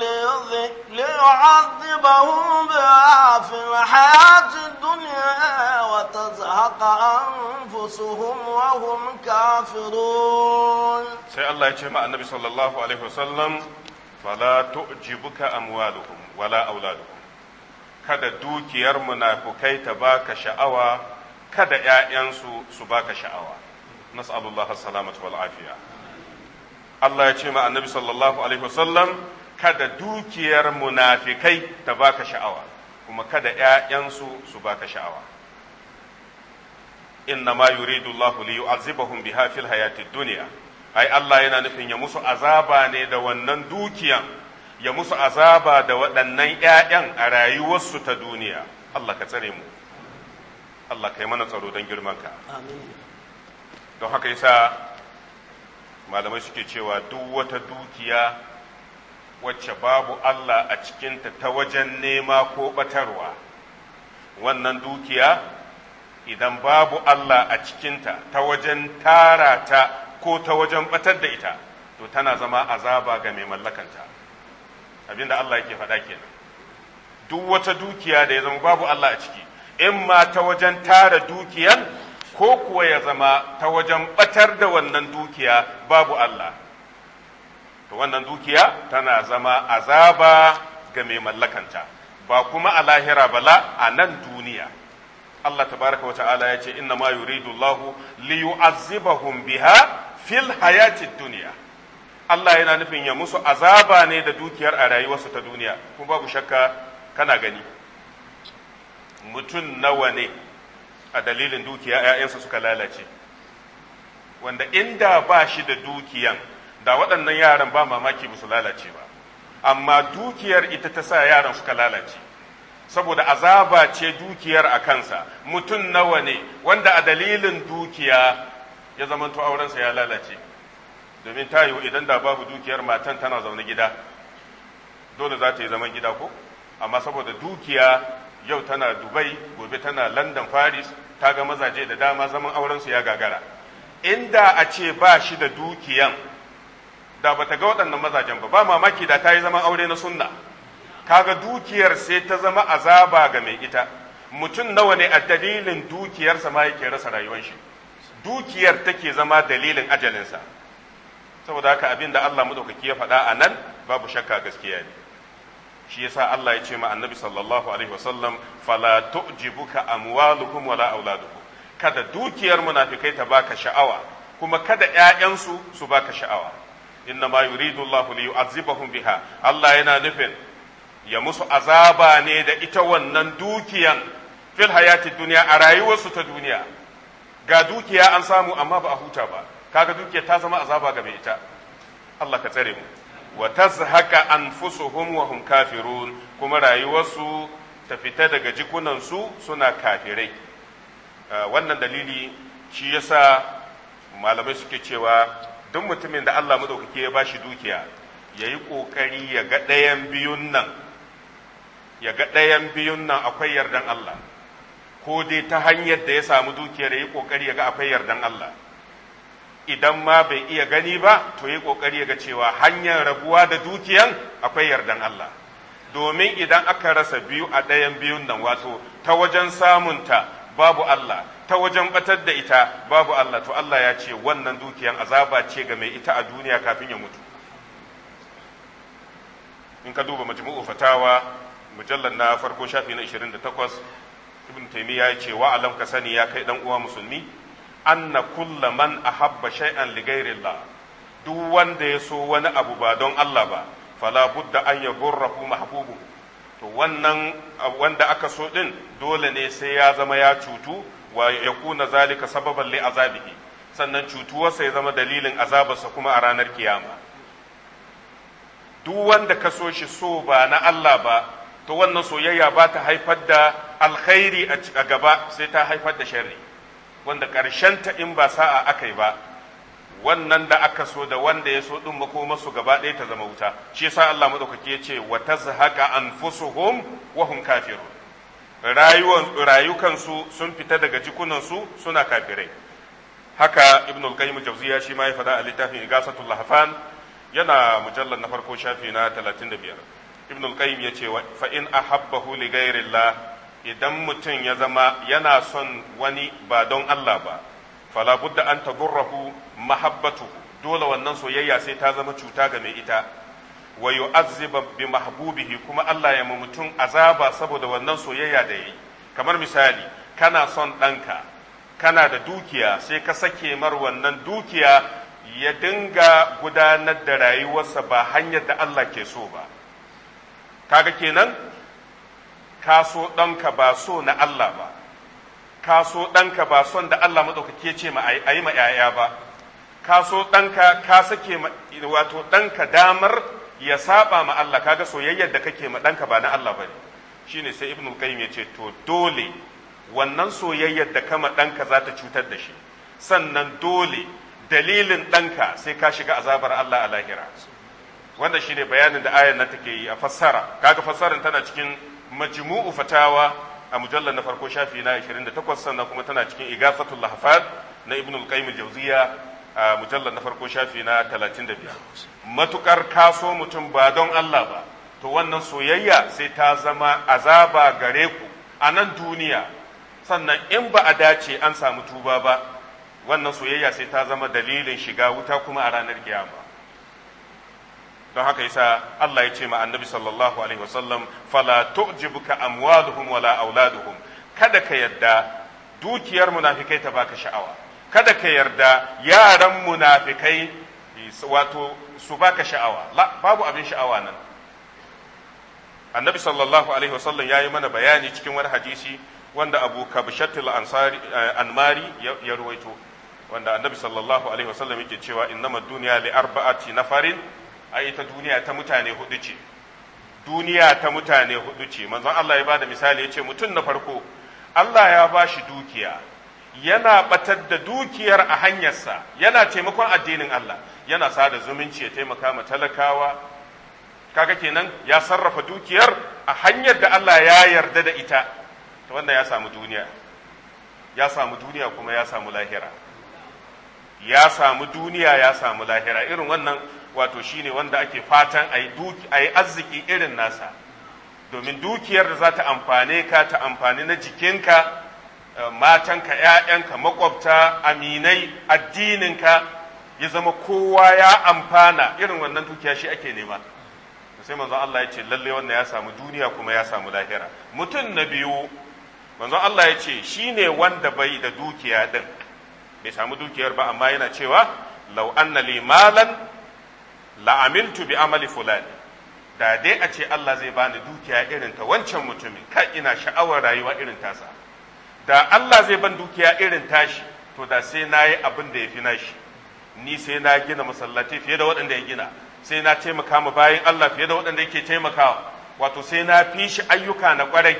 ليعذبهم بها في الحياة الدنيا وتزهق أنفسهم وهم كافرون سي الله يجمع النبي صلى الله عليه وسلم فلا تعجبك أموالهم ولا أولادهم kada dukiyar munafukai ta baka sha'awa kada ‘ya'yansu su baka sha'awa nas'alullah salamatu wal afiya Allah ya ce ma annabi sallallahu alaihi wasallam kada dukiyar munafikai ta baka sha'awa kuma kada ‘ya'yansu su baka sha'awa inna ma yuridu Allah li yu'azzibahum biha fil hayatid dunya ai Allah yana nufin ya musu azaba ne da wannan dukiyan ya musu azaba da waɗannan ‘ya'yan a rayuwarsu ta duniya Allah ka tsare mu Allah ka yi mana tsaro don girmanka don haka yasa malamai suke cewa duk wata dukiya wacce babu Allah a cikinta ta wajen nema ko batarwa wannan dukiya idan babu Allah a cikinta ta wajen tara ta ko ta wajen batar da ita to tana zama azaba ga mai mallakanta abinda Allah yake faɗa kenan duk wata dukiya da ya zama babu Allah a ciki in ma ta wajen tara dukiyan ko kuwa ya zama ta wajen batar da wannan dukiya babu Allah to wannan dukiya tana zama azaba ga mai mallakanta ba kuma a lahira bala a nan duniya Allah tabaraka wata'ala ya ce inna ma yuridu Allah li yu'azzibahum biha fil hayati duniya Allah yana nufin ya musu azaba ne da dukiyar a rayuwarsu ta duniya kuma babu shakka kana gani mutum nawa ne a dalilin dukiya ‘ya'yansa suka lalace wanda inda ba shi da dukiyan da waɗannan yaran ba mamaki ba su lalace ba amma dukiyar ita ta sa yaran suka lalace saboda azaba ce dukiyar a kansa mutum nawa ne wanda a dalilin dukiya ya zamanto aurensa ya lalace domin ta yiwu idan da babu dukiyar matan tana zaune gida dole za ta yi zaman gida ko amma saboda dukiya yau tana dubai gobe tana london paris ta ga mazaje da dama zaman aurensu ya gagara inda a ce ba shi da dukiyan da bata ga waɗannan mazajen ba ba mamaki da ta yi zaman aure na sunna kaga dukiyar sai ta zama azaba ga mai ita mutum nawa ne a dalilin dukiyarsa ma yake rasa rayuwar shi dukiyar take zama dalilin ajalinsa saboda haka abin da Allah madaukaki ya faɗa a nan babu shakka gaskiya ne shi yasa Allah ya ce ma annabi sallallahu alaihi wasallam fala tu'jibuka amwaluhum wala auladu. kada dukiyar munafikai ta baka sha'awa kuma kada ƴaƴansu su baka sha'awa inna ma yuridu Allahu li yu'azzibahum biha Allah yana nufin ya musu azaba ne da ita wannan dukiyan fil hayati duniya a rayuwarsu ta duniya ga dukiya an samu amma ba a huta ba kaga dukiya ta zama azaba ga mai ita Allah ka tsare mu wa tazhaka anfusuhum wa hum kafirun kuma rayuwarsu ta fita daga jikunansu suna kafirai ah, wannan dalili shi yasa malamai suke cewa duk mutumin da Allah madaukake ya bashi dukiya ya yi ƙoƙari ya ga ɗayan biyun nan ya ga ɗayan biyun nan akwai yardan Allah ko dai ta hanyar da ya samu dukiyar ya yi ƙoƙari ya ga akwai yardan Allah idan ma bai iya gani ba to yi ƙoƙari ga cewa hanyar rabuwa da dukiyan akwai yardan Allah domin idan aka rasa biyu a ɗayan biyun nan wato ta wajen samunta babu Allah ta wajen batar da ita babu Allah to Allah ya ce wannan dukiyan azaba ce ga mai ita a duniya kafin ya mutu in ka duba majmu'u fatawa mujallar na farko shafi na 28 ibn taymiya ya ce wa alam ka sani ya kai dan uwa musulmi anna kulla man ahabba shay'an li ghairillah duk wanda ya so wani abu ba don Allah ba fala budda an yaghurrahu mahbubu to wannan wanda aka so din dole ne sai ya zama ya cutu wa yakuna zalika sababan li azabihi sannan cutuwarsa ya zama dalilin azabarsa kuma a ranar kiyama duk wanda ka so shi so ba na Allah ba to wannan soyayya ba ta haifar da alkhairi a gaba sai ta haifar da sharri wanda ta in ba sa'a aka yi ba wannan da aka so da wanda ya so ɗin su gaba ɗaya ta zama wuta shi yasa Allah maɗaukaki ya ce wa tazhaqa anfusuhum wa hum kafirun rayukansu sun fita daga jikunansu suna kafirai haka ibn al-qayyim jawziya shi ma ya faɗa a littafin igasatul lahfan yana mujallar na farko shafi na 35 ibn al-qayyim ya ce fa in ahabbahu li idan mutum ya zama yana son wani ba don Allah ba fala budda an tagurrahu mahabbatu dole wannan soyayya sai ta zama cuta ga mai ita wa yu'azziba bi mahbubihi kuma Allah ya mu mutum azaba saboda wannan soyayya da yayi kamar misali kana son ɗanka kana da dukiya sai ka sake mar wannan dukiya ya dinga gudanar da rayuwarsa ba hanyar da Allah ke so ba kaga kenan ka so ɗanka ba so na Allah ba ka so ɗanka ba son da Allah maɗaukaki ya ce ma a yi ma 'ya'ya ba ka so ɗanka ka sake wato ɗanka damar ya saba ma Allah kaga soyayyar da kake ma ɗanka ba na Allah ba ne shi ne sai Ibn qayyim ya ce to dole wannan soyayyar da kama ɗanka za ta cutar da shi sannan dole dalilin ɗanka sai ka shiga azabar Allah a lahira wanda ne bayanin da ayyana nan take yi a fassara kaga fassarar tana cikin majmu'u fatawa a mujallar na farko shafi na 28 sannan kuma tana cikin igafatul lahafat na ibn al-qayyim al-jawziya a mujallar na farko shafi na 35 matukar kaso mutum ba don Allah ba to wannan soyayya sai ta zama azaba gare ku a nan duniya sannan in ba a dace an samu tuba ba wannan soyayya sai ta zama dalilin shiga wuta kuma a ranar kiyama don haka yasa Allah ya ce ma annabi sallallahu alaihi wasallam fala tu'jibuka amwaluhum wala auladuhum kada ka yarda dukiyar munafikai ta baka sha'awa kada ka yarda yaran munafikai wato su baka sha'awa la babu abin sha'awa nan annabi sallallahu alaihi wasallam yayi mana bayani cikin wani hadisi wanda abu kabshatul ansari eh, anmari ya ruwaito wanda annabi sallallahu alaihi wasallam yake cewa innama duniya li arba'ati nafarin a ita duniya ta mutane hudu ce duniya ta mutane hudu ce manzon Allah ya bada misali ya ce mutum na farko Allah ya ba shi dukiya yana batar da dukiyar a hanyarsa yana taimakon addinin Allah yana sada zumunci ya taimaka ma talakawa kaga kenan ya sarrafa dukiyar a hanyar da Allah ya yarda da ita ta wannan ya samu duniya ya samu duniya kuma ya samu lahira ya samu duniya ya samu lahira irin wannan wato shine wanda ake fatan a yi arziki irin nasa domin dukiyar da za ta amfane ka ta amfani na jikinka eh, matanka ‘ya'yanka makwabta aminai addininka ya zama kowa ya amfana irin wannan dukiya shi ake nema sai manzon Allah ya ce lalle wannan ya samu duniya kuma ya samu lahira mutum na biyu manzon Allah ya ce shine wanda bai da dukiya din bai samu dukiyar ba amma yana cewa lau anna li malan la'amintu bi amali fulani da dai a ce Allah zai bani dukiya irin ta wancan mutumin ka ina sha'awar rayuwa irin tasa da Allah zai ban dukiya irin tashi to da sai na yi abin da ya fi nashi ni sai na gina masallaci fiye da waɗanda ya gina sai na taimaka ma bayan Allah fiye da waɗanda yake taimakawa wato sai na fi shi ayyuka na kwarai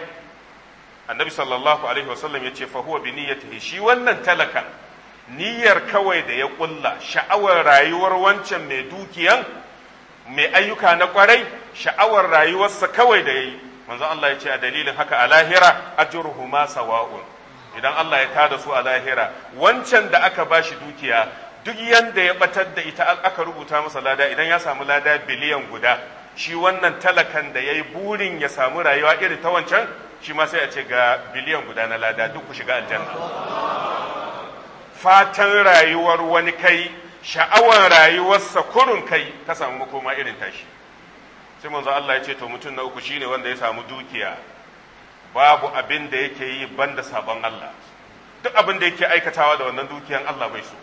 annabi sallallahu alaihi wasallam ya ce fa huwa bi niyyatihi shi wannan talaka. niyyar kawai da ya ƙulla sha'awar rayuwar wancan mai dukiyan mai ayyuka na kwarai sha'awar rayuwarsa kawai da yayi manzo Allah ya ce a dalilin haka a lahira ajruhuma sawa'un idan Allah ya tada su a lahira wancan da aka bashi dukiya duk yanda ya batar da ita aka rubuta masa lada idan ya samu lada biliyan guda shi wannan talakan da yayi burin ya samu rayuwa iri ta wancan shi ma sai a ce ga biliyan guda na lada duk ku shiga aljanna fatan rayuwar wani kai sha'awar rayuwarsa kurun kai ka samu makoma irin tashi sai manzo Allah ya ce to mutum na uku shine wanda ya samu dukiya babu abin da yake yi banda sabon Allah duk abin da yake aikatawa da wannan dukiyan Allah bai so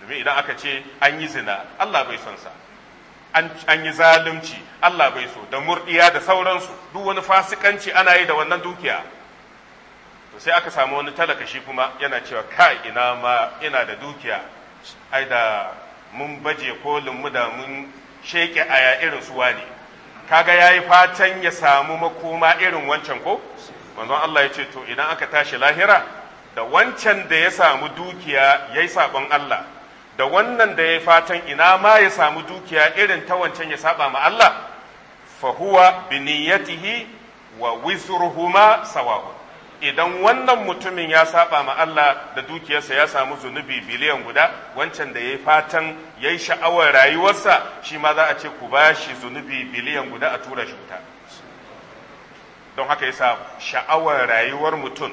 domin idan aka ce an yi zina Allah bai son sa an yi zalunci Allah bai so da murdiya da sauransu duk wani fasikanci ana yi da wannan dukiya to sai aka samu wani talaka shi kuma yana cewa ka ina ma ina da dukiya ai da mun baje kolin mu da mun sheke aya irin su wani kaga yayi fatan ya samu makoma irin wancan ko manzon Allah ya ce to idan aka tashi lahira da wancan da ya samu dukiya yayi sabon Allah da wannan da ya fatan ina ma ya samu dukiya irin ta wancan ya saba ma Allah fa huwa bi niyyatihi wa wizruhuma sawa'un idan wannan mutumin ya saba ma Allah da dukiyarsa ya samu zunubi biliyan guda wancan da ya yi fatan ya yi sha'awar rayuwarsa shi ma za a ce ku bashi zunubi biliyan guda a tura shi wuta don haka yasa sha'awar rayuwar mutum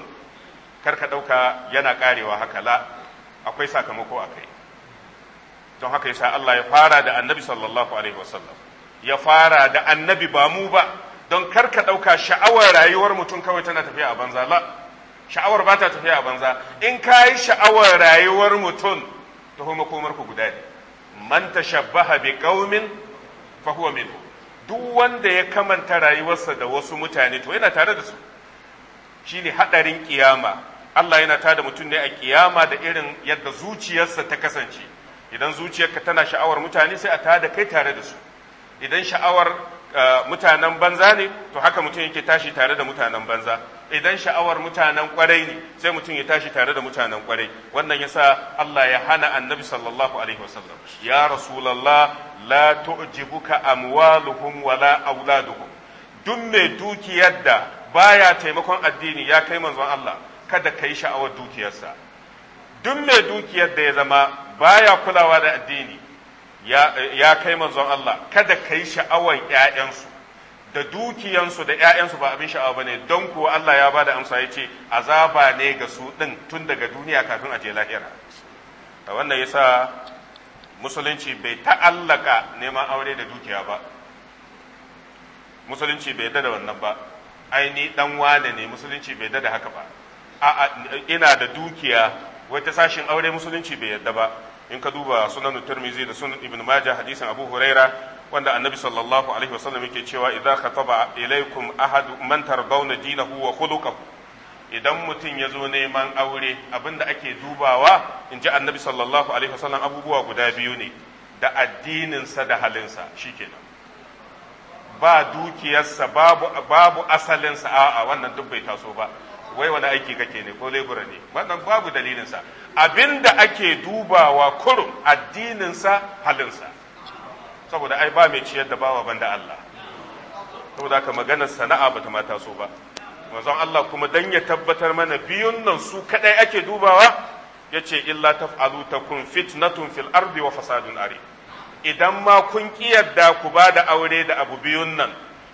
karka ɗauka yana ƙarewa haka la akwai sakamako a kai don haka yasa Allah ya fara da annabi sallallahu alaihi wasallam ya fara da annabi ba mu ba don kar ka ɗauka sha'awar rayuwar mutum kawai tana tafiya a banza la sha'awar ba ta tafiya a banza in ka yi sha'awar rayuwar mutum ta homa komar ku guda ne man ta bi qaumin fa huwa minhu duk wanda ya kamanta rayuwarsa da wasu mutane to yana tare da su shine hadarin kiyama Allah yana da mutum ne a ƙiyama da irin yadda zuciyarsa ta kasance idan zuciyarka tana sha'awar mutane sai a da kai tare da su idan sha'awar Eh, mutanen banza ne to haka mutum yake tashi tare da mutanen banza idan sha'awar mutanen kwarai ne sai mutum ya tashi tare da mutanen kwarai wannan yasa Allah ya hana annabi sallallahu alaihi wasallam ya rasulullah la tu'jibuka amwaluhum wala auladuhum duk mai dukiyar da baya taimakon addini ya kai manzon Allah kada kai sha'awar dukiyarsa duk mai dukiyar da ya zama baya kulawa da addini ya kai manzon Allah kada ka yi sha'awan ‘ya'yansu da dukiyansu da ‘ya'yansu ba abin sha'awa ba ne don kuwa Allah ya ba da amsa ya ce azaba ne ga su ɗin tun daga duniya kafin a je lahira wannan ya sa musulunci bai ta'allaka neman aure da dukiya ba musulunci bai da wannan ba aini dan wane ne musulunci bai da haka ba a'a ina da dukiya wata sashin aure musulunci bai yadda ba in ka duba sunan tirmizi da sunan ibn majah hadisin abu huraira wanda annabi sallallahu alaihi wasallam yake cewa idza khataba ilaikum ahad man tardawna dinahu wa khuluquhu idan mutum ya zo neman aure abinda ake dubawa in ji annabi sallallahu alaihi wasallam abubuwa guda biyu ne da addininsa da halinsa shikenan ba dukiyarsa babu babu asalinsa a'a wannan duk bai taso ba wai wani aiki kake ne ko lebura ne wannan babu dalilinsa abinda ake dubawa kurum addininsa halinsa saboda ai ba mai ciyar da bawa banda Allah saboda haka maganar sana'a bata ma taso ba manzon Allah kuma dan ya tabbatar mana biyun nan su kadai ake dubawa yace illa taf'alu takun fitnatun fil ardi wa fasadun ari idan ma kun kiyarda ku ba da aure da abu biyun nan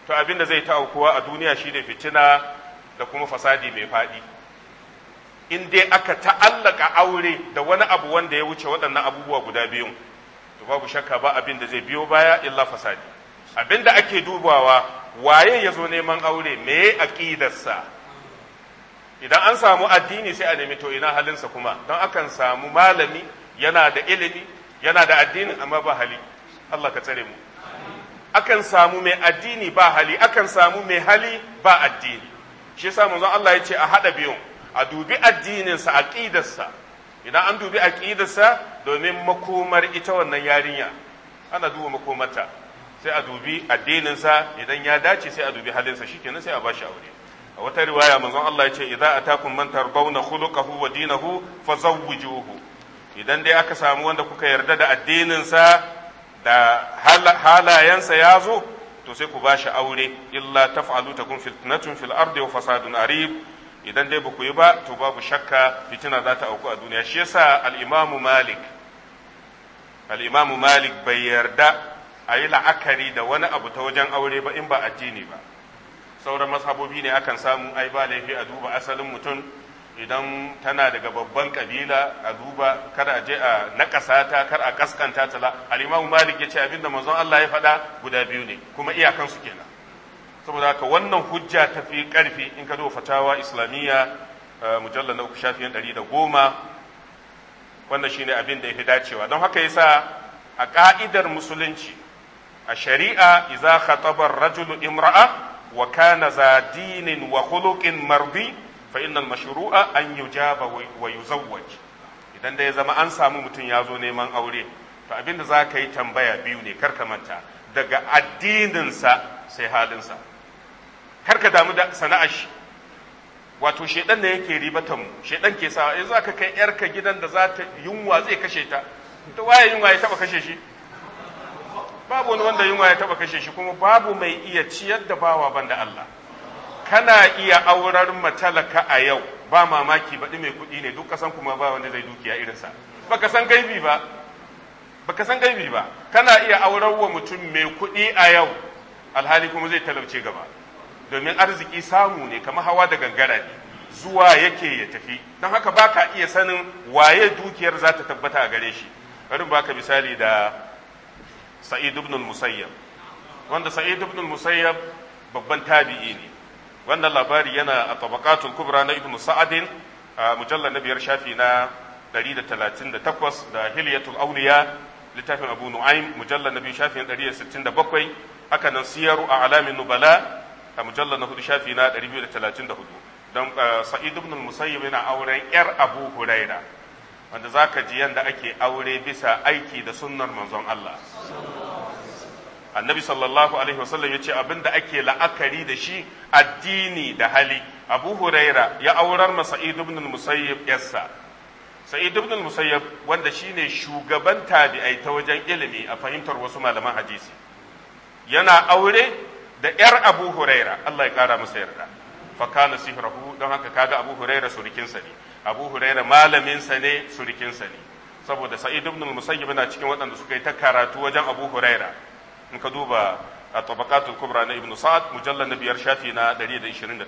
to abinda zai ta aukuwa a duniya shine fitina da kuma fasadi mai faɗi in dai aka ta'allaka aure da wani abu wanda ya wuce waɗannan abubuwa guda biyun to babu shakka ba abin da zai biyo baya illa fasadi abin da ake dubawa waye ya zo neman aure me aƙidarsa idan an samu addini sai a nemi to ina halinsa kuma don akan samu malami yana da ilimi yana da addini amma ba hali Allah ka tsare mu akan samu mai addini ba hali akan samu mai hali ba addini shi yasa manzon Allah ya ce a haɗa biyun a dubi addininsa aqidarsa idan an dubi aqidarsa domin makomar ita wannan yarinya ana duba makomarta sai a dubi addininsa idan ya dace sai a dubi halinsa shikenan sai a bashi aure a wata riwaya manzon Allah ya ce a atakum man tarbawna khuluquhu wa dinahu fazawwijuhu idan dai aka samu wanda kuka yarda da addininsa da halayensa ya zo to sai ku shi aure illa taf'alu takun fitnatun fil ardi wa fasadun arib idan dai ba ku yi ba to babu shakka fitina za ta auku a duniya shi yasa al-imamu malik al malik bai yarda a yi la'akari da wani abu ta wajen aure ba in ba addini ba sauran mazhabobi ne akan samu ai ba laifi a duba asalin mutum idan tana daga babban kabila a duba kada a je a nakasa ta kar a kaskanta ta la al-imam malik yace abinda manzon Allah ya faɗa guda biyu ne kuma iyakan su kenan saboda haka wannan hujja ta fi karfi in ka duba fatawa islamiyya eh, mujallal na uku shafiyan 110 wannan shine abin da fi dacewa don haka yasa a ka'idar musulunci a shari'a idza khataba ar-rajulu imra'a wa kana za dinin wa khuluqin mardi fa innal mashru'a an yujaba wa yuzawwaj idan da ya zama an samu mutum ya zo neman aure to abinda za ka yi tambaya biyu ne karka manta daga addininsa sai halinsa karka damu da sana'ar shi wato shedan ne yake ribatan mu shedan ke sa yanzu aka kai yarka gidan da za ta yunwa zai kashe ta to waye yunwa ya taba kashe shi babu wanda yunwa ya taba kashe shi kuma babu mai iya ciyar da bawa banda Allah kana iya aurar matalaka a yau ba mamaki baɗi mai kuɗi ne duk kasan kuma ba wanda zai dukiya irinsa baka san gaibi ba baka san gaibi ba kana iya aurar wa mutum mai kuɗi a yau alhali kuma zai talauce gaba domin arziki samu ne kamar hawa da gangara ne zuwa yake ya tafi don haka baka iya sanin waye dukiyar za ta tabbata a gare shi bari baka misali da sa'id ibn musayyab wanda sa'id ibn musayyab babban tabi'i ne wannan labari yana a tabaqatul kubra na ibnu sa'adin mujallar na biyar shafi na 138 da hilyatul awliya littafin abu nu'aym mujallar na biyu shafi na 167 haka nan siyaru a alamin nubala a mujallar na hudu shafi na 234 don sa'id ibn musayyib yana auren yar abu huraira wanda zaka ji yanda ake aure bisa aiki da sunnar manzon Allah annabi sallallahu alaihi wasallam ya ce abin da ake la'akari da shi addini da hali abu huraira ya aurar ma sa'id ibn musayyib yassa sa'id ibn musayyib wanda shine shugaban tabi'ai ta wajen ilimi a fahimtar wasu malaman hadisi yana aure da yar abu huraira Allah ya kara masa yarda fa kana sihrahu don haka kaga abu huraira surikinsa ne abu huraira malamin sa ne surikinsa ne saboda sa'id ibn musayyib na cikin waɗanda suka yi ta karatu wajen abu huraira in ka duba a tabaqatul kubra na ibnu sa'ad mujallal na biyar shafi na 120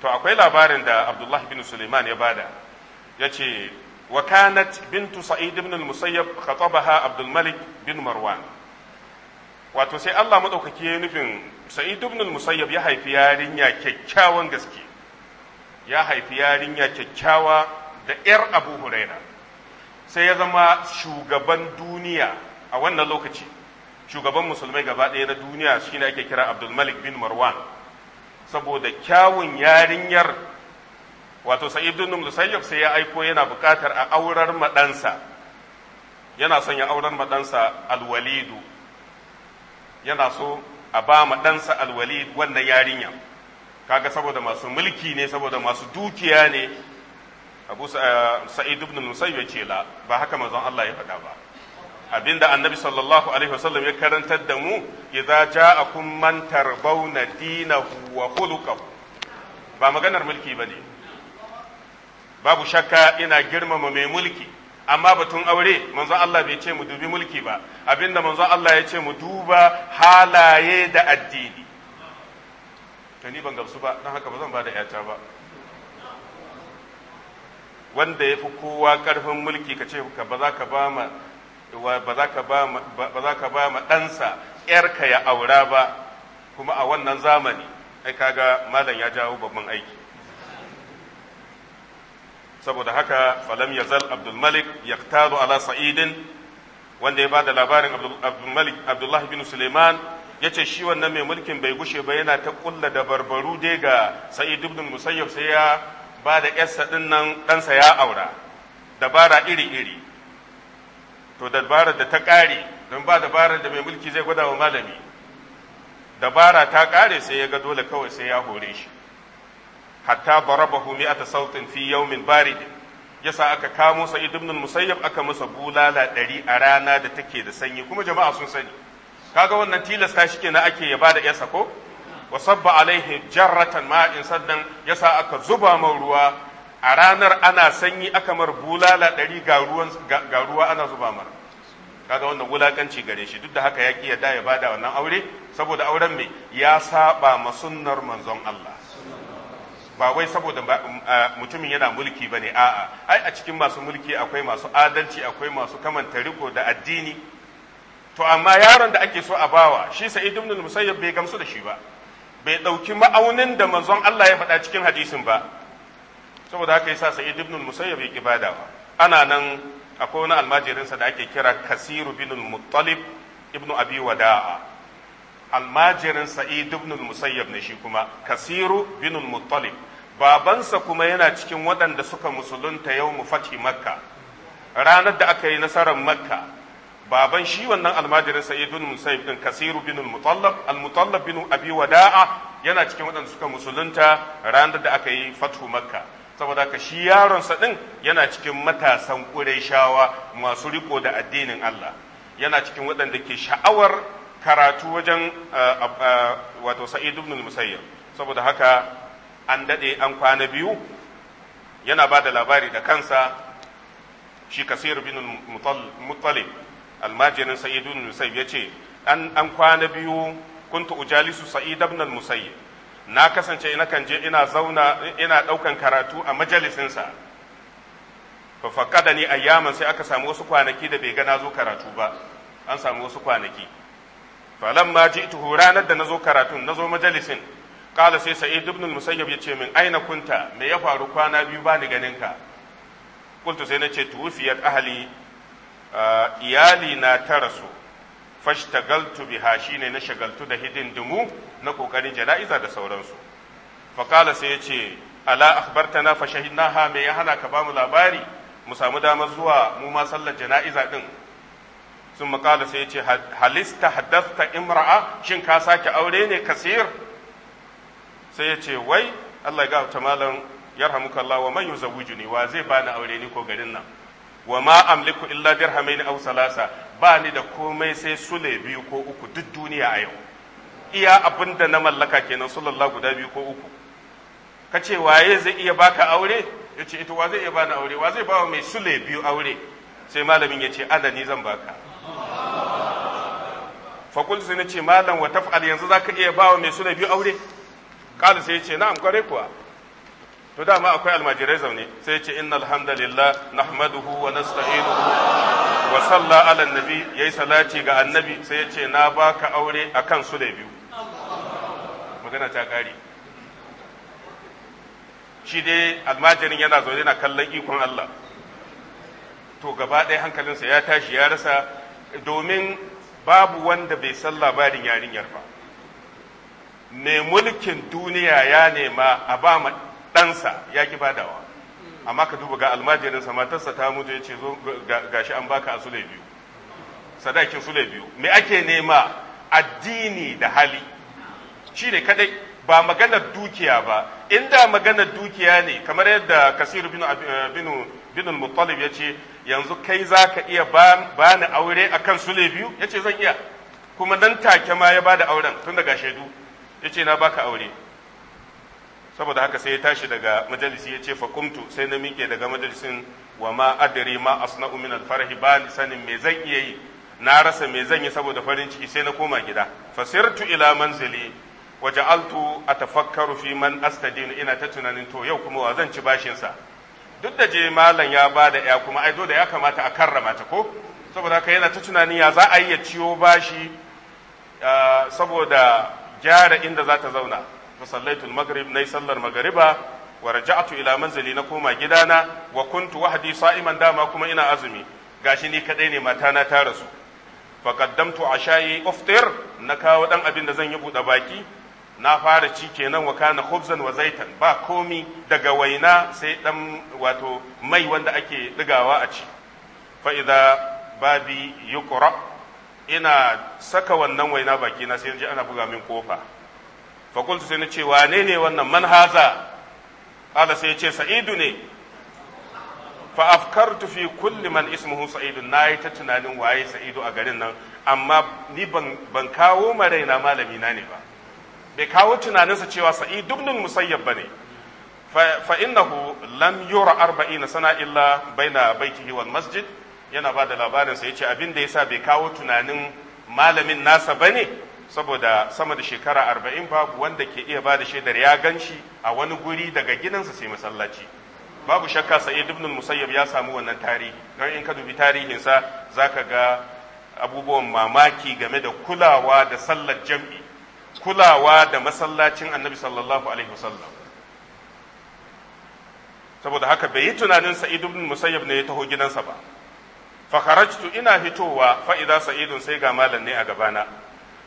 to akwai labarin da abdullahi bin suleiman ya bada yace wa kanat bintu sa'id ibn al-musayyab khatabaha abdul malik bin marwan wato sai Allah madaukaki ya nufin sa'id ibn al-musayyab ya haifi yarinya kyakkyawan gaske ya haifi yarinya kyakkyawa da yar abu huraira sai ya zama shugaban duniya a wannan lokaci shugaban musulmai gaba ɗaya na duniya shine ake kira abdulmalik bin marwan saboda kyawun yarinyar wato sa'id bin sai ya aiko yana buƙatar a aurar maɗansa yana son ya aurar maɗansa alwalidu yana so a ba maɗansa alwalidu wannan yarinya kaga saboda masu mulki ne saboda masu dukiya ne abu eh, sa'id ibn ce la ba haka manzon Allah ya faɗa ba abinda annabi sallallahu alaihi wasallam ya karantar da mu idza ja'akum man tarbauna dinahu wa khuluquhu ba maganar mulki bane babu shakka ina girmama mai mulki amma batun aure manzo Allah bai ce mu dubi mulki ba abinda manzo Allah ya ce mu duba halaye da addini to ni ban gamsu ba dan haka ba zan ba yata ba wanda ya fi kowa karfin mulki ka ce ba za ka ba ma ba za ka ba ma ɗansa ‘yarka ya aura ba kuma a wannan zamani ai kaga malam ya jawo babban aiki saboda haka falam ya zal abdulmalik ya ala sa'idin wanda ya ba da labarin abdulmalik abdullahi bin suleiman ya ce shi wannan mai mulkin bai gushe ba yana ta kulla da barbaru dai ga sa'id ibn musayyab sai ya ba da ɗansa ya aura dabara iri-iri to dabarar da ta ƙare don ba dabarar da mai mulki zai gwada wa malami dabara ta ƙare sai ya ga dole kawai sai ya hore shi hatta barabahu mi'ata sautin fi yawmin barid yasa aka kamo sa ibn musayyab aka masa bulala ɗari a rana da take da sanyi kuma jama'a sun sani kaga wannan tilasta shi kenan ake ya bada yasa ko wa sabba alaihi jarratan ma'in sannan yasa aka zuba man ruwa a ranar ana sanyi aka mar bulala ɗari ga ruwa ana zuba mar kaga wannan wulakanci gare shi duk da haka ya ki yadda ya bada wannan aure saboda auren mai ya saba ma sunnar manzon Allah ba wai saboda mm, mutumin yana mulki bane a'a ai a cikin masu mulki akwai masu adalci akwai masu kamanta riko da addini to amma yaron da ake so a bawa shi sa'id ibn musayyib bai gamsu da shi ba bai dauki ma'aunin da manzon Allah ya faɗa cikin hadisin ba saboda haka yasa sa'id ibn musayyab yake badawa ana nan akwai wani almajirinsa da ake kira kasiru bin muttalib ibn abi wada'a almajirin sa'id ibn musayyab ne shi kuma kasiru bin muttalib babansa kuma yana cikin waɗanda suka musulunta yau mu fati makka ranar da aka yi nasarar makka baban shi wannan almajirin sa'idun musayyib din kasiru bin al-mutallab al-mutallab bin abi wada'a yana cikin waɗanda suka musulunta ranar da aka yi fatu makka saboda ka shi yaronsa ɗin yana cikin matasan shawa masu riko da addinin Allah yana cikin waɗanda ke sha'awar karatu wajen eh, eh, eh, wato sa'id ibn musayyib saboda haka an daɗe an kwana biyu yana ba da labari da kansa shi kasir bin mutalib almajirin sa'id ibn musayyib ya ce an kwana biyu kuntu ujalisu sa'id ibn musayyib na kasance ina kan je ina zauna ina ɗaukan karatu a majalisinsa fa da ni ayyaman sai aka samu wasu kwanaki da bai gana zo karatu ba an samu wasu kwanaki ji ji'tuhu ranar da nazo karatun zo majalisin qala sai sa'id ibn musayyab ya ce min aina kunta me ya faru kwana biyu ba ni ganin ka qultu sai nace tuwfiyat ahali iyali na ah, rasu. fashtagaltu biha shine na shagaltu da hidindimu na kokarin jana'iza da sauransu faqala sai yace ala akhbartana fa shahidnaha me ya hana ka bamu labari mu samu damar zuwa mu ma sallar jana'iza din sun makala sai yace halista haddathta imra'a shin ka sake aure ne kasir sai yace wai Allah ya ga malam yarhamuka Allah wa man yuzawwijuni wa zai bani aure ni ko garin nan wa ma amliku illa dirhamain aw salasa ba ni da komai sai sule biyu ko uku duk duniya a yau iya abinda na mallaka kenan sallallahu guda biyu ko uku ka ce waye zai iya baka aure ya ce ita wa zai iya bani aure wa zai bawa mai sule biyu aure sai malamin ya ce ni zan baka fa kul sai na ce malam wa taf'al yanzu zaka iya bawa mai sule biyu aure qala sai ya ce na'am kware kuwa to dama akwai almajirai zaune sai ce inna alhamdulillah nahmaduhu wa nasta'inuhu wa salla ala nabi yayi salati ga annabi sai ya ce na baka aure akan su da biyu magana ta kare shi dai almajirin yana zaune na kallon ikon Allah to gaba ɗaya hankalinsa ya tashi ya rasa domin babu wanda bai san labarin yarinyar ba mai mulkin duniya ya nema a ba ɗansa ya ki badawa amma ka duba ga almajirinsa matarsa ta mutu ya ce zo shi an baka a sule biyu sadakin sule biyu me ake nema addini da hali shi ne kadai ba maganar dukiya ba inda maganar dukiya ne kamar yadda kasiru bin eh, muttalib ya ce yanzu kai za ka iya ba ni aure a kan sule biyu ya ce zan iya kuma nan take ma ya ba da auren tun daga shaidu ya ce na baka aure saboda haka sai ya tashi daga majalisi ya ce fakumtu sai na miƙe daga majalisin wa ma adari ma asna'u min alfarhi ba ni sanin me zan iya yi na rasa me zan yi saboda farin ciki sai na koma gida fasirtu ila manzili wa ja'altu atafakkaru fi man astadinu ina ta tunanin to yau kuma wa zan ci bashin sa duk da je malam ya ba da ya kuma ai da ya kamata a karrama ta ko saboda haka yana ta tunanin ya za a iya ciyo bashi eh, saboda gyara inda za ta zauna fa sallaitu na maghrib sallar Magariba. wa raja'tu ila manzili na koma gidana Wakuntu kuntu wahdi sa'iman dama kuma ina azumi Ga gashi ni kadai ne na ta rasu fa qaddamtu ashayi uftir na kawo ɗan abin da zan yi buɗe baki na fara cike nan wa kana khubzan wa zaitan ba komi daga waina sai ɗan wato mai wanda ake digawa a ci fa idza babi ina saka wannan waina baki na sai ji ana buga min kofa fakultu sai na ce wane ne wannan manhaza ala sai ce sa'idu ne fa afkartu fi kulli man ismuhu sa'idu na yi ta tunanin waye sa'idu a garin nan amma ni ban kawo ma raina malami na ne ba bai kawo tunaninsa cewa sa'idu ibn musayyab ne? fa innahu lam yura arba'ina sana illa baina baitihi wal masjid yana ba da labarin sa yace abin da yasa bai kawo tunanin malamin nasa bane saboda sama da shekara arba'in babu wanda ke iya ba da shaidar ya gan shi a wani guri daga gidansa sai masallaci babu shakka sa'id ibn musayyab ya samu wannan tarihi don in ka dubi tarihinsa za ka ga abubuwan mamaki game da kulawa da sallar jam'i kulawa da masallacin annabi sallallahu alaihi wasallam saboda haka bai yi tunanin sa'id ibn musayyab ne ya taho gidansa ba fa ina fitowa fa idza sa'idun sai ga malam ne a gabana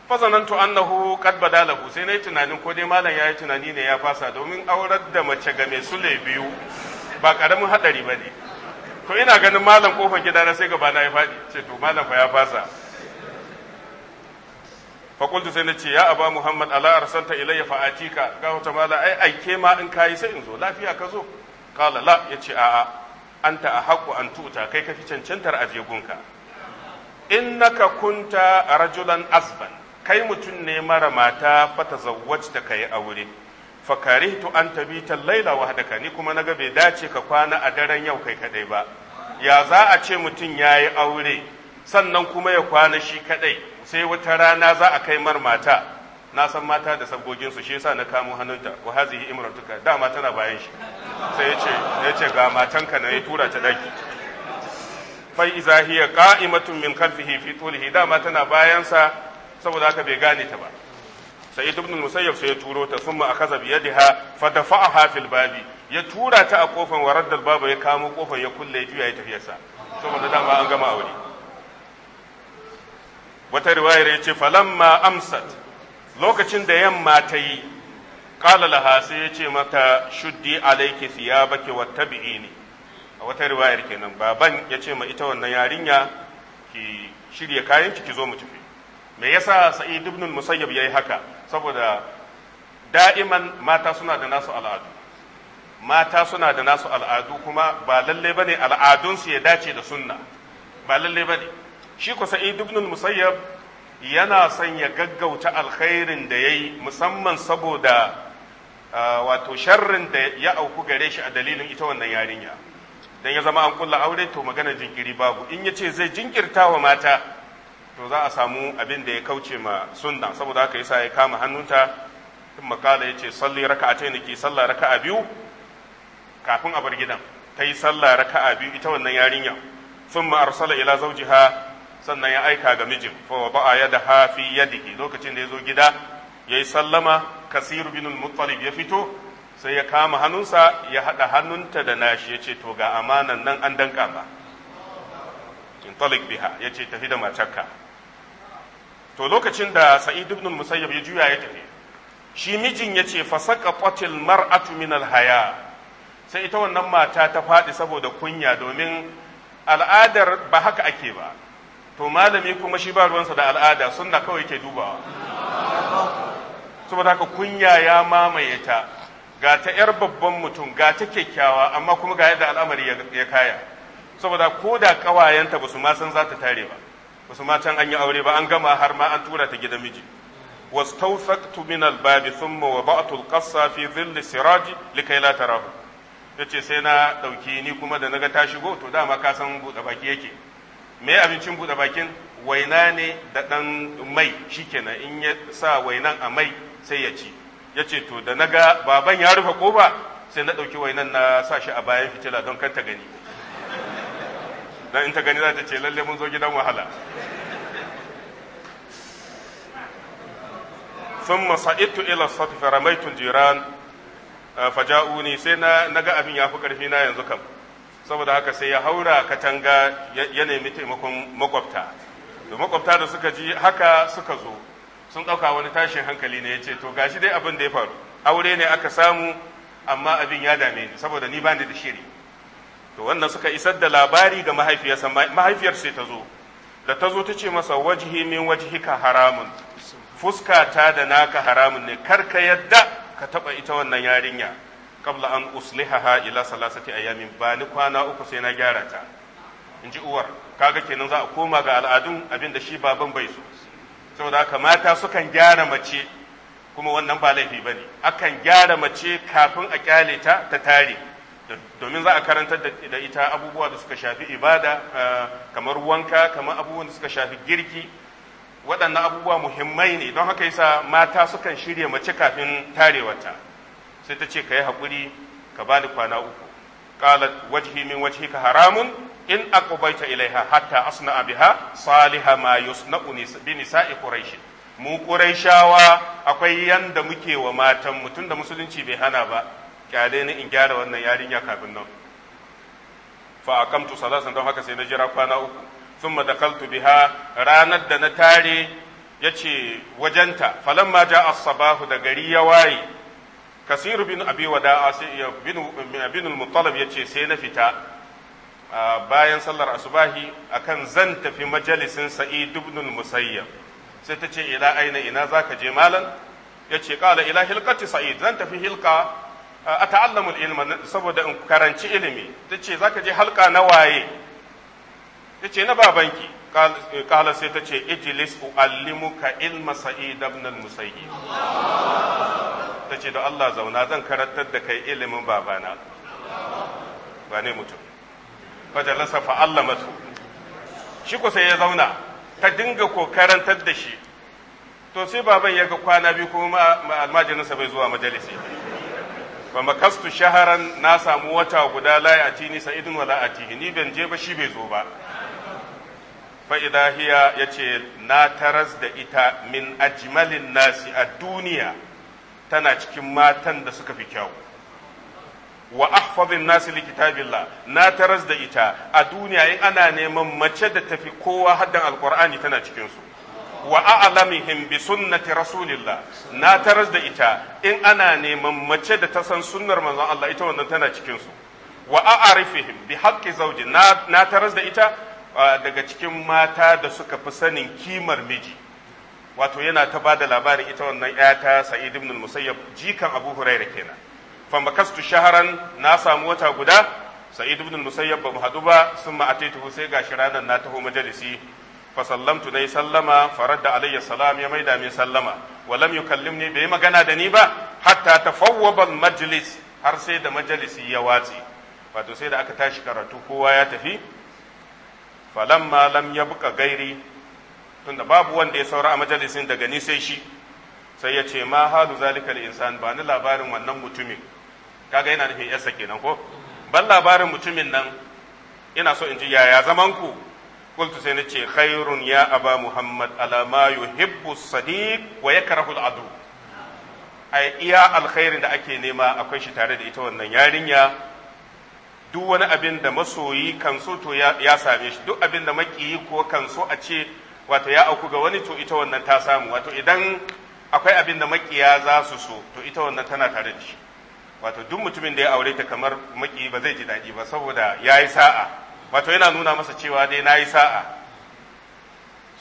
fazanantu annahu kad badalahu sai yi tunanin ko dai malam yayi tunani ne ya fasa domin aurar da mace ga mai sule biyu ba karamin hadari bane to ina ganin malam kofar gida gidana sai gaba na ya fadi ce to malam fa ya fasa fakultu sai na ce ya aba muhammad ala arsalta ilayya fa atika ga wata malam ai aike ma in kai sai in zo lafiya ka zo kala la yace a'a anta ahqqu an tuta kai ka fi cancantar aje gunka innaka kunta rajulan asban kai mutum ne mara mata fata zawwajta ka yi aure to an ta laila wahdaka ni kuma naga bai dace ka kwana a daren yau kai kadai ba ya za a ce mutum ya yi aure sannan kuma ya kwana shi kadai sai wata rana za a kai mar mata na san mata da su shi yasa na kamo hannunta wa hazihi imratuka dama tana bayan shi sai yace yace ga matanka na ya tura ta daki fa iza hiya qa'imatun min kalfihi fi tulihi dama tana bayansa saboda haka bai gane ta ba sai ibn musayyab sai ya turo ta summa akaza bi yadiha fa dafa'aha fil babi ya tura ta a kofan warar da baba ya kamo kofar ya kulle ya juya ya tafiyarsa saboda dama an gama aure wata riwayar ya ce falamma amsat lokacin da yamma ta yi qala laha sai ya ce mata shuddi alayki thiyabaki wattabi'ini a wata riwayar kenan baban ya ce ma ita wannan yarinya ki shirya kayan ki zo mu tafi me yasa sa'id ibn musayyab yayi haka saboda da'iman mata suna da nasu al'adu mata suna da nasu al'adu kuma ba lalle bane al'adunsu ya dace da sunna ba lalle bane shi ko sa'id ibn musayyab yana son ya gaggauta alkhairin da yayi musamman saboda wato sharrin da ya auku gare shi a dalilin ita wannan yarinya dan ya zama an kulla aure to magana jinkiri babu in yace zai jinkirtawa mata to za a samu abin da ya kauce ma sunna saboda haka yasa ya kama hannunta tun makala yace salli raka'atai ne salla raka'a biyu kafin a bar gidan ta salla raka'a biyu ita wannan yarinya sun ma arsala ila zaujiha sannan ya aika ga mijin fa wa ba'a yada ha fi yadihi lokacin da yazo gida yayi sallama kasir bin muttalib ya fito sai ya kama hannunsa ya hada hannunta da nashi yace to ga amanan nan an danka ba in biha ya tafi da matarka to lokacin da sa'id ibn musayyab ya juya ya tafi shi mijin ya ce fa fasaqatil mar'atu min haya sai ita wannan mata ta faɗi saboda kunya domin al'adar ba haka ake ba to malami kuma shi ba ruwansa da al'ada sunna kawai ke dubawa saboda haka kunya ya mamaye ta ga ta 'yar babban mutum ga ta kyakkyawa amma kuma ga yadda al'amari ya kaya saboda ko da ƙawayenta ba su ma san za ta tare ba wasu matan an yi aure ba an gama har ma an tura ta gidan miji واستوثقت من babi sun وضعت alqassa fi ظل السراج likay la tarahu yace sai na ɗauki ni kuma da naga ta shigo to dama ka san bude baki yake me abincin buɗe bakin waina ne da ɗan mai shikenan in ya sa wainan a mai sai ya ci yace to da naga baban ya rufe ba sai na ɗauki wainan na sa shi a bayan fitila don kar ta gani dan in ta gani za ta ce lalle mun zo gidan wahala thumma sa'idtu ila safi faramaitu jiran uh, faja'uni sai na naga abin fi karfi na yanzu kam saboda haka sai ya haura katanga ya nemi taimakon makwabta da makwabta da suka ji haka suka zo sun ɗauka wani tashin hankali ne ya ce to gashi dai abin da ya faru aure ne aka samu amma abin ya dame ni saboda ni bani da shiri to wannan suka isar da labari ga mahaifiyarsa mahaifiyar sai ta zo da ta zo ta ce masa wajhi min wajhika haramun fuska ta da naka haramun ne kar ka yadda ka taba ita wannan yarinya qabla an uslihaha ila salasati ayamin ba ni kwana uku sai na gyara ta in ji uwar kaga kenan za a koma ga al'adun abinda shi baban bai so saboda haka mata sukan gyara mace kuma wannan ba laifi bane akan gyara mace kafin a kyale ta ta tare domin za a karantar da ita abubuwa da suka shafi ibada eh, kamar wanka kamar abubuwan da suka shafi girki waɗannan abubuwa muhimmai ne don haka yasa mata sukan shirya mace kafin tarewata sai ta ce ka yi haƙuri ka ba da kwana uku ƙalar wajhi min ka haramun in aqbaita ilaiha hatta asna'a biha saliha ma yusna'u bi nisa'i quraish mu quraishawa akwai yanda muke wa matan mutun da musulunci bai hana ba kyale ni in gyara wannan yarinya kafin nan fa aqamtu salasan don haka sai na jira kwana uku thumma dakaltu biha ranar da na tare ce wajenta ma ja as da gari ya waye kasiru bin abi wada'a ya bin bin ya ce yace sai na fita bayan sallar asubahi akan zan tafi majalisin sa'id ibn musayyab sai ta ce ila aina ina zaka je malan yace qala ila hilqati sa'id zan tafi hilka a ta'allamul ilma saboda in karanci ilimi ta ce za ka je halka na waye ta ce na babanki kala sai ta ce ijilis ka ilma sa'id ibn al-musayyib ta ce da Allah zauna zan karantar da kai ilimin babana ba ne mutum fajalasa fa'allamatu shi ko sai ya zauna ka dinga ko karantar da shi to sai baban ya ga kwana biyu kuma almajirinsa bai zuwa majalisi fa makastu shaharan na samu wata guda la ya'tini sa'idun wala atihi ni ban je ba shi bai zo ba fa idha hiya yace na taras da ita min ajmalin nasi a duniya tana cikin matan da suka fi kyau wa ahfazin nasi li kitabillah na taras da ita a duniya in ana neman mace da tafi kowa haddan alqur'ani tana cikin su wa a'lamihim bi sunnati rasulillah na taras da ita in ana neman mace da ta san sunnar manzon Allah ita wannan tana cikin su wa a'arifihim bi haqqi zawji na taras da ita daga cikin mata da suka fi sanin kimar miji wato yana ta bada labarin ita wannan yata sa'id ibn musayyab jikan abu hurairah kenan fa makastu shaharan na samu wata guda sa'id ibn musayyab ba mu hadu ba sun ma ataituhu sai gashi ranar na taho majalisi fasallamtu nayi sallama farar alayya salam ya maida mai sallama walam ne bai magana da ni ba hatta tafawwaba majalis har sai da majalisi ya watse wato sai da aka tashi karatu kowa ya tafi falamma lam buka gairi tunda babu wanda ya saura a majalisin daga ni sai shi sai ya ce ma halu zalika insan ba ni labarin wannan mutumin kaga yana nufin yasa kenan ko ban labarin mutumin nan ina so in ji yaya zaman ku qultu sai nace khairun ya aba muhammad ala ma yuhibbu sadiq wa yakrahu al-adu ai iya alkhairin da ake nema akwai shi tare da ita wannan yarinya duk wani abin da masoyi kan so to ya same shi duk abin da makiyi ko kan so a ce wato ya auku ga wani to ita wannan ta samu wato idan akwai abin da makiya za su so to ita wannan tana tare da shi wato duk mutumin da ya aure ta kamar maki ba zai ji daɗi ba saboda ya yi sa'a wato yana nuna masa cewa dai yi sa'a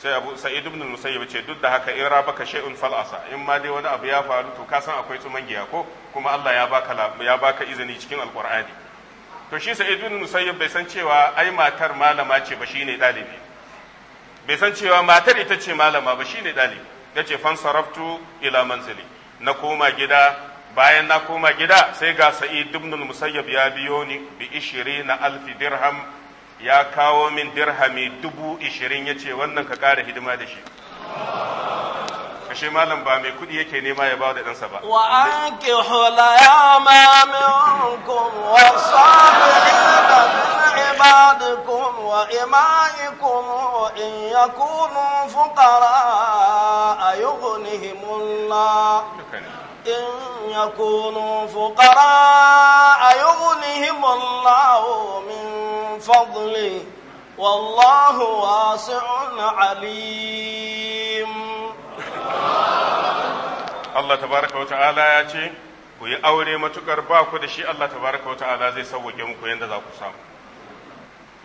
sai abu sa'id ibn musayyib ce duk da haka in rabaka shay'un fal'asa in ma dai wani abu ya faru to ka san akwai tsuman giya ko kuma Allah ya baka ya izini cikin alqur'ani to shi sa'id ibn musayyib bai san cewa ai matar malama ce ba shine dalibi bai san cewa matar ita ce malama ba shine dalibi yace fan saraftu ila manzili na koma gida bayan na koma gida sai ga sa'id ibn musayyib ya biyo ni bi 20 na alfi dirham ya kawo min dirhami dubu ishirin ya ce wannan ka ƙara hidima da shi kashe malam ba mai kuɗi yake nema ya ba da ɗansa ba wa an ki hula ya maminkum wa sabi'ina min ibadikum wa wa in yakunu gunihimun la. إن يكونوا فقراء يغنهم الله من فضله والله واسع عليم Allah tabaraka wa ta'ala ya ce, Ku yi aure matukar ba ku da shi Allah tabaraka wa ta'ala zai sauwake muku yadda za ku samu.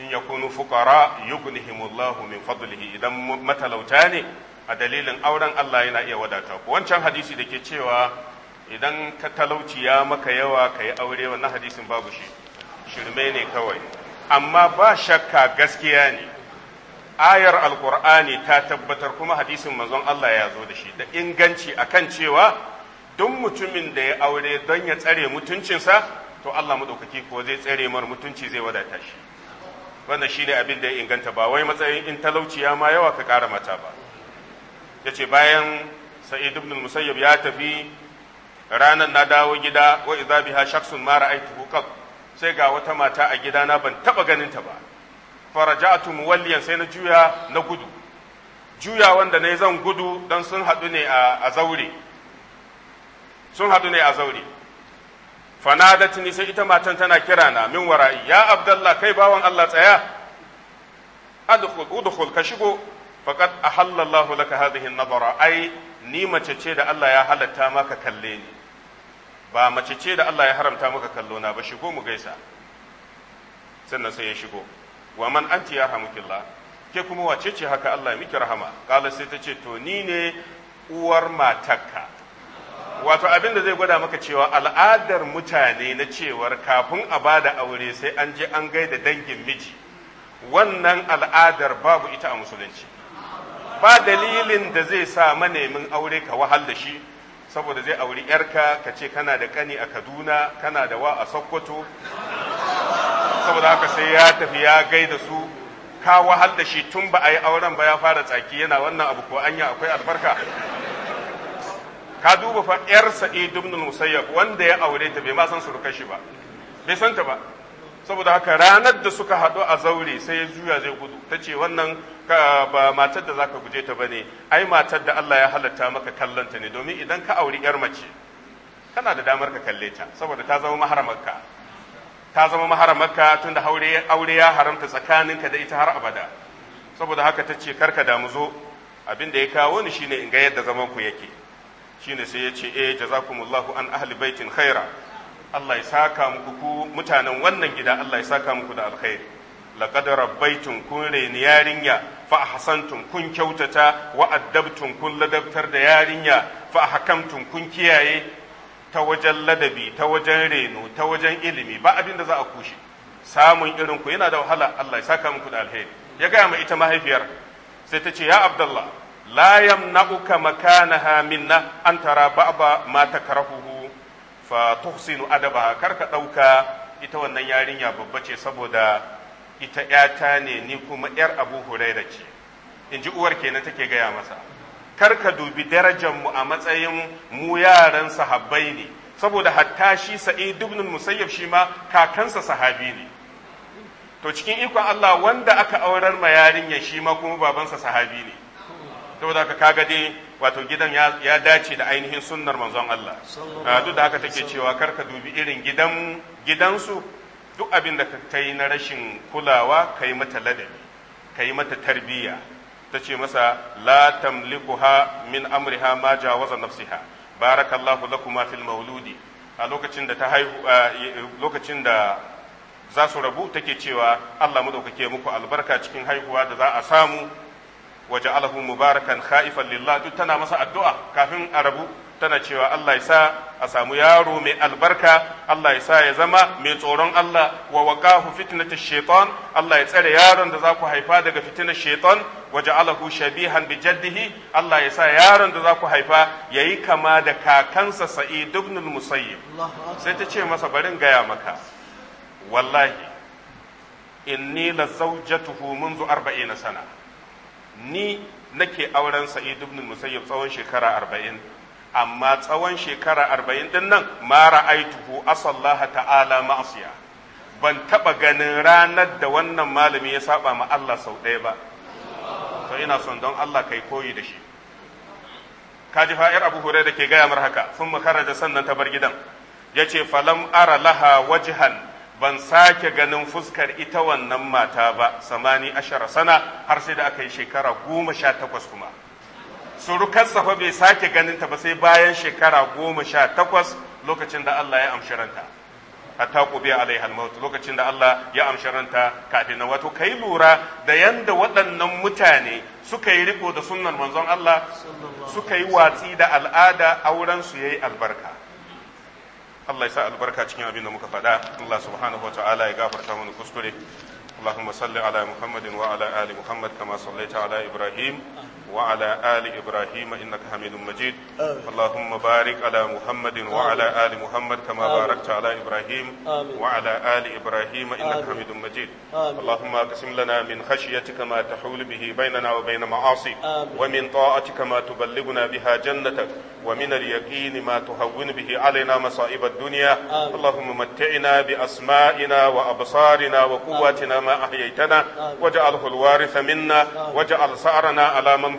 In ya kunu fukara yughnihimullahu min fadlihi idan matalauta ne a dalilin auren Allah yana iya wadata ku. Wancan hadisi da ke cewa idan ka talauci ya maka yawa ka yi aure na hadisin babu shi shirme ne kawai amma ba shakka gaskiya ne ayar alkur'ani ta tabbatar kuma hadisin manzon Allah ya zo da shi da inganci a kan cewa duk mutumin da ya aure don ya tsare mutuncinsa to Allah maɗaukaki ko zai tsare mar mutunci zai wadata shi shi ne abin da ya inganta ba wai matsayin in talauci ya ma yawa ka ƙara mata ba Ya ce bayan sa'id ibn musayyab ya tafi Ranar na dawo gida wa idza biha shakhsun ma ra'aytuhu qat sai ga wata mata a gidana ban taba ganin ta ba faraja'tu muwalliyan sai na juya na gudu juya wanda ne zan gudu dan sun hadu ne a zaure sun hadu ne a zaure fanadatni sai ita matan tana kira na min wara'i ya abdallah kai bawan Allah tsaya adkhul udkhul ka shigo faqad ahalla Allahu laka hadhihi an-nadara ai ni mace ce da Allah ya halatta maka kalle ni ba mace ce da Allah ya haramta maka kallo na ba shigo mu gaisa sannan sai ya shigo wa man anti ya hamukilla ke kuma wace ce haka Allah ya miki rahama kala sai ta ce to ni ne uwar matarka wato abin da zai gwada maka cewa al'adar mutane na cewar kafin a bada aure sai an je an gaida dangin miji wannan al'adar babu ita a musulunci ba dalilin da zai sa manemin aure ka wahal da shi saboda zai auri yarka ka ce kana da kani a kaduna kana da wa a sokoto saboda haka sai ya tafi ya gaida su ka wahal da shi tun ba a yi auren ba ya fara tsaki yana wannan abu ko anya akwai albarka ka duba fa yar sa'id ibn musayyab wanda ya aure ta bai ma san surukan shi ba bai san ta ba saboda haka ranar da suka haɗu a zaure sai ya juya zai gudu ta ce wannan ba matar da zaka guje ta bane ai matar da Allah ya halatta maka kallanta ne domin idan ka auri yar mace kana da damar ka kalle ta saboda ta zama maharamarka ta zama maharamarka tunda aure aure ya haramta tsakaninka da ita har abada saboda haka ta ce karka damu zo abin da ya kawo ni shine in ga yadda zaman ku yake shine sai ya ce eh jazakumullahu an ahli baitin khaira Allah ya saka muku ku mutanen wannan gida Allah ya saka muku da alkhairi laqad rabbaitum kun reni yarinya fa tun kun kyautata wa tun kun ladabtar da yarinya fa tun kun kiyaye ta wajen ladabi ta wajen reno ta wajen ilimi ba abin da za a kushe samun irin ku yana da wahala Allah ya saka muku da alheri ya gaya ma ita mahaifiyar sai ta ce ya abdullah la yamna'uka makanaha minna an tara ba'ba ma takrahuhu fa tuhsinu kar karka dauka ita wannan yarinya babba ce saboda ita ‘yata ne ni kuma ‘yar abu huraira ce in ji uwar kenan take gaya masa kar ka dubi mu a matsayin mu yaran sahabbai ne saboda hatta shi sa’i ibn musayyab shi ma kakansa sahabi ne to cikin ikon Allah wanda aka aurar ma yarinyar shi ma kuma babansa sahabi ne saboda haka kaga dai wato gidan ya dace da ainihin sunnar manzon Allah ah, duk da haka take cewa kar ka dubi irin gidan gidansu duk abin da ta yi na rashin kulawa ka yi mata ladabi ka yi mata tarbiyya ta ce masa la tamlikuha min amriha ma jawaza nafsiha barakallahu lakuma fil mauludi a lokacin da ta haihu lokacin da za su rabu take cewa Allah mu madaukake muku albarka cikin haihuwa da za a samu waje alahu mubarakan khaifan lillah duk tana masa addu'a kafin a rabu tana cewa Allah ya sa a samu yaro mai albarka Allah ya sa ya zama mai tsoron Allah wa waqahu fitnata shaitan Allah ya tsare yaron da za ku haifa daga fitinar shaitan wa ja'alahu shabihan bi jaddihi Allah ya sa yaron da za ku haifa yayi kama da kakansa Sa'id ibn al-Musayyib sai ta ce masa barin gaya maka wallahi inni la zawjatuhu منذ 40 sana ni nake auren Sa'id ibn al-Musayyib tsawon shekara arba'in. amma tsawon shekara arba'in din nan mara aituhu asallaha ta'ala ma'asiya ban taba ganin ranar da wannan malami ya saba ma Allah sau ɗaya ba to ina son don Allah kai koyi da shi kaji fa'ir abu hure da ke gaya mar haka sun makara da sannan ta bar gidan ya ce falam ara laha wajhan ban sake ganin fuskar ita wannan mata ba samani ashara sana har sai da aka yi shekara goma sha takwas kuma surukarsa fa bai sake ganinta ba sai bayan shekara goma sha takwas lokacin da Allah ya amshi ranta hatta qubiya alaiha almaut lokacin da Allah ya amshi ranta kafin nan wato kai lura da yanda waɗannan mutane suka yi riko da sunnar manzon Allah suka yi watsi da al'ada auren su yayi albarka Allah ya sa albarka cikin abin da muka faɗa Allah subhanahu wa ta'ala ya gafarta mana kuskure اللهم صل على محمد وعلى ال محمد كما صليت على ابراهيم وعلى آل إبراهيم إنك حميد مجيد آمين. اللهم بارك على محمد وعلى آل محمد كما آمين. باركت على إبراهيم آمين. وعلى آل إبراهيم إنك آمين. حميد مجيد آمين. اللهم اقسم لنا من خشيتك ما تحول به بيننا وبين معاصيك ومن طاعتك ما تبلغنا بها جنتك ومن اليقين ما تهون به علينا مصائب الدنيا آمين. اللهم متعنا بأسمائنا وأبصارنا وقواتنا ما أحييتنا واجعله الوارث منا واجعل سعرنا على من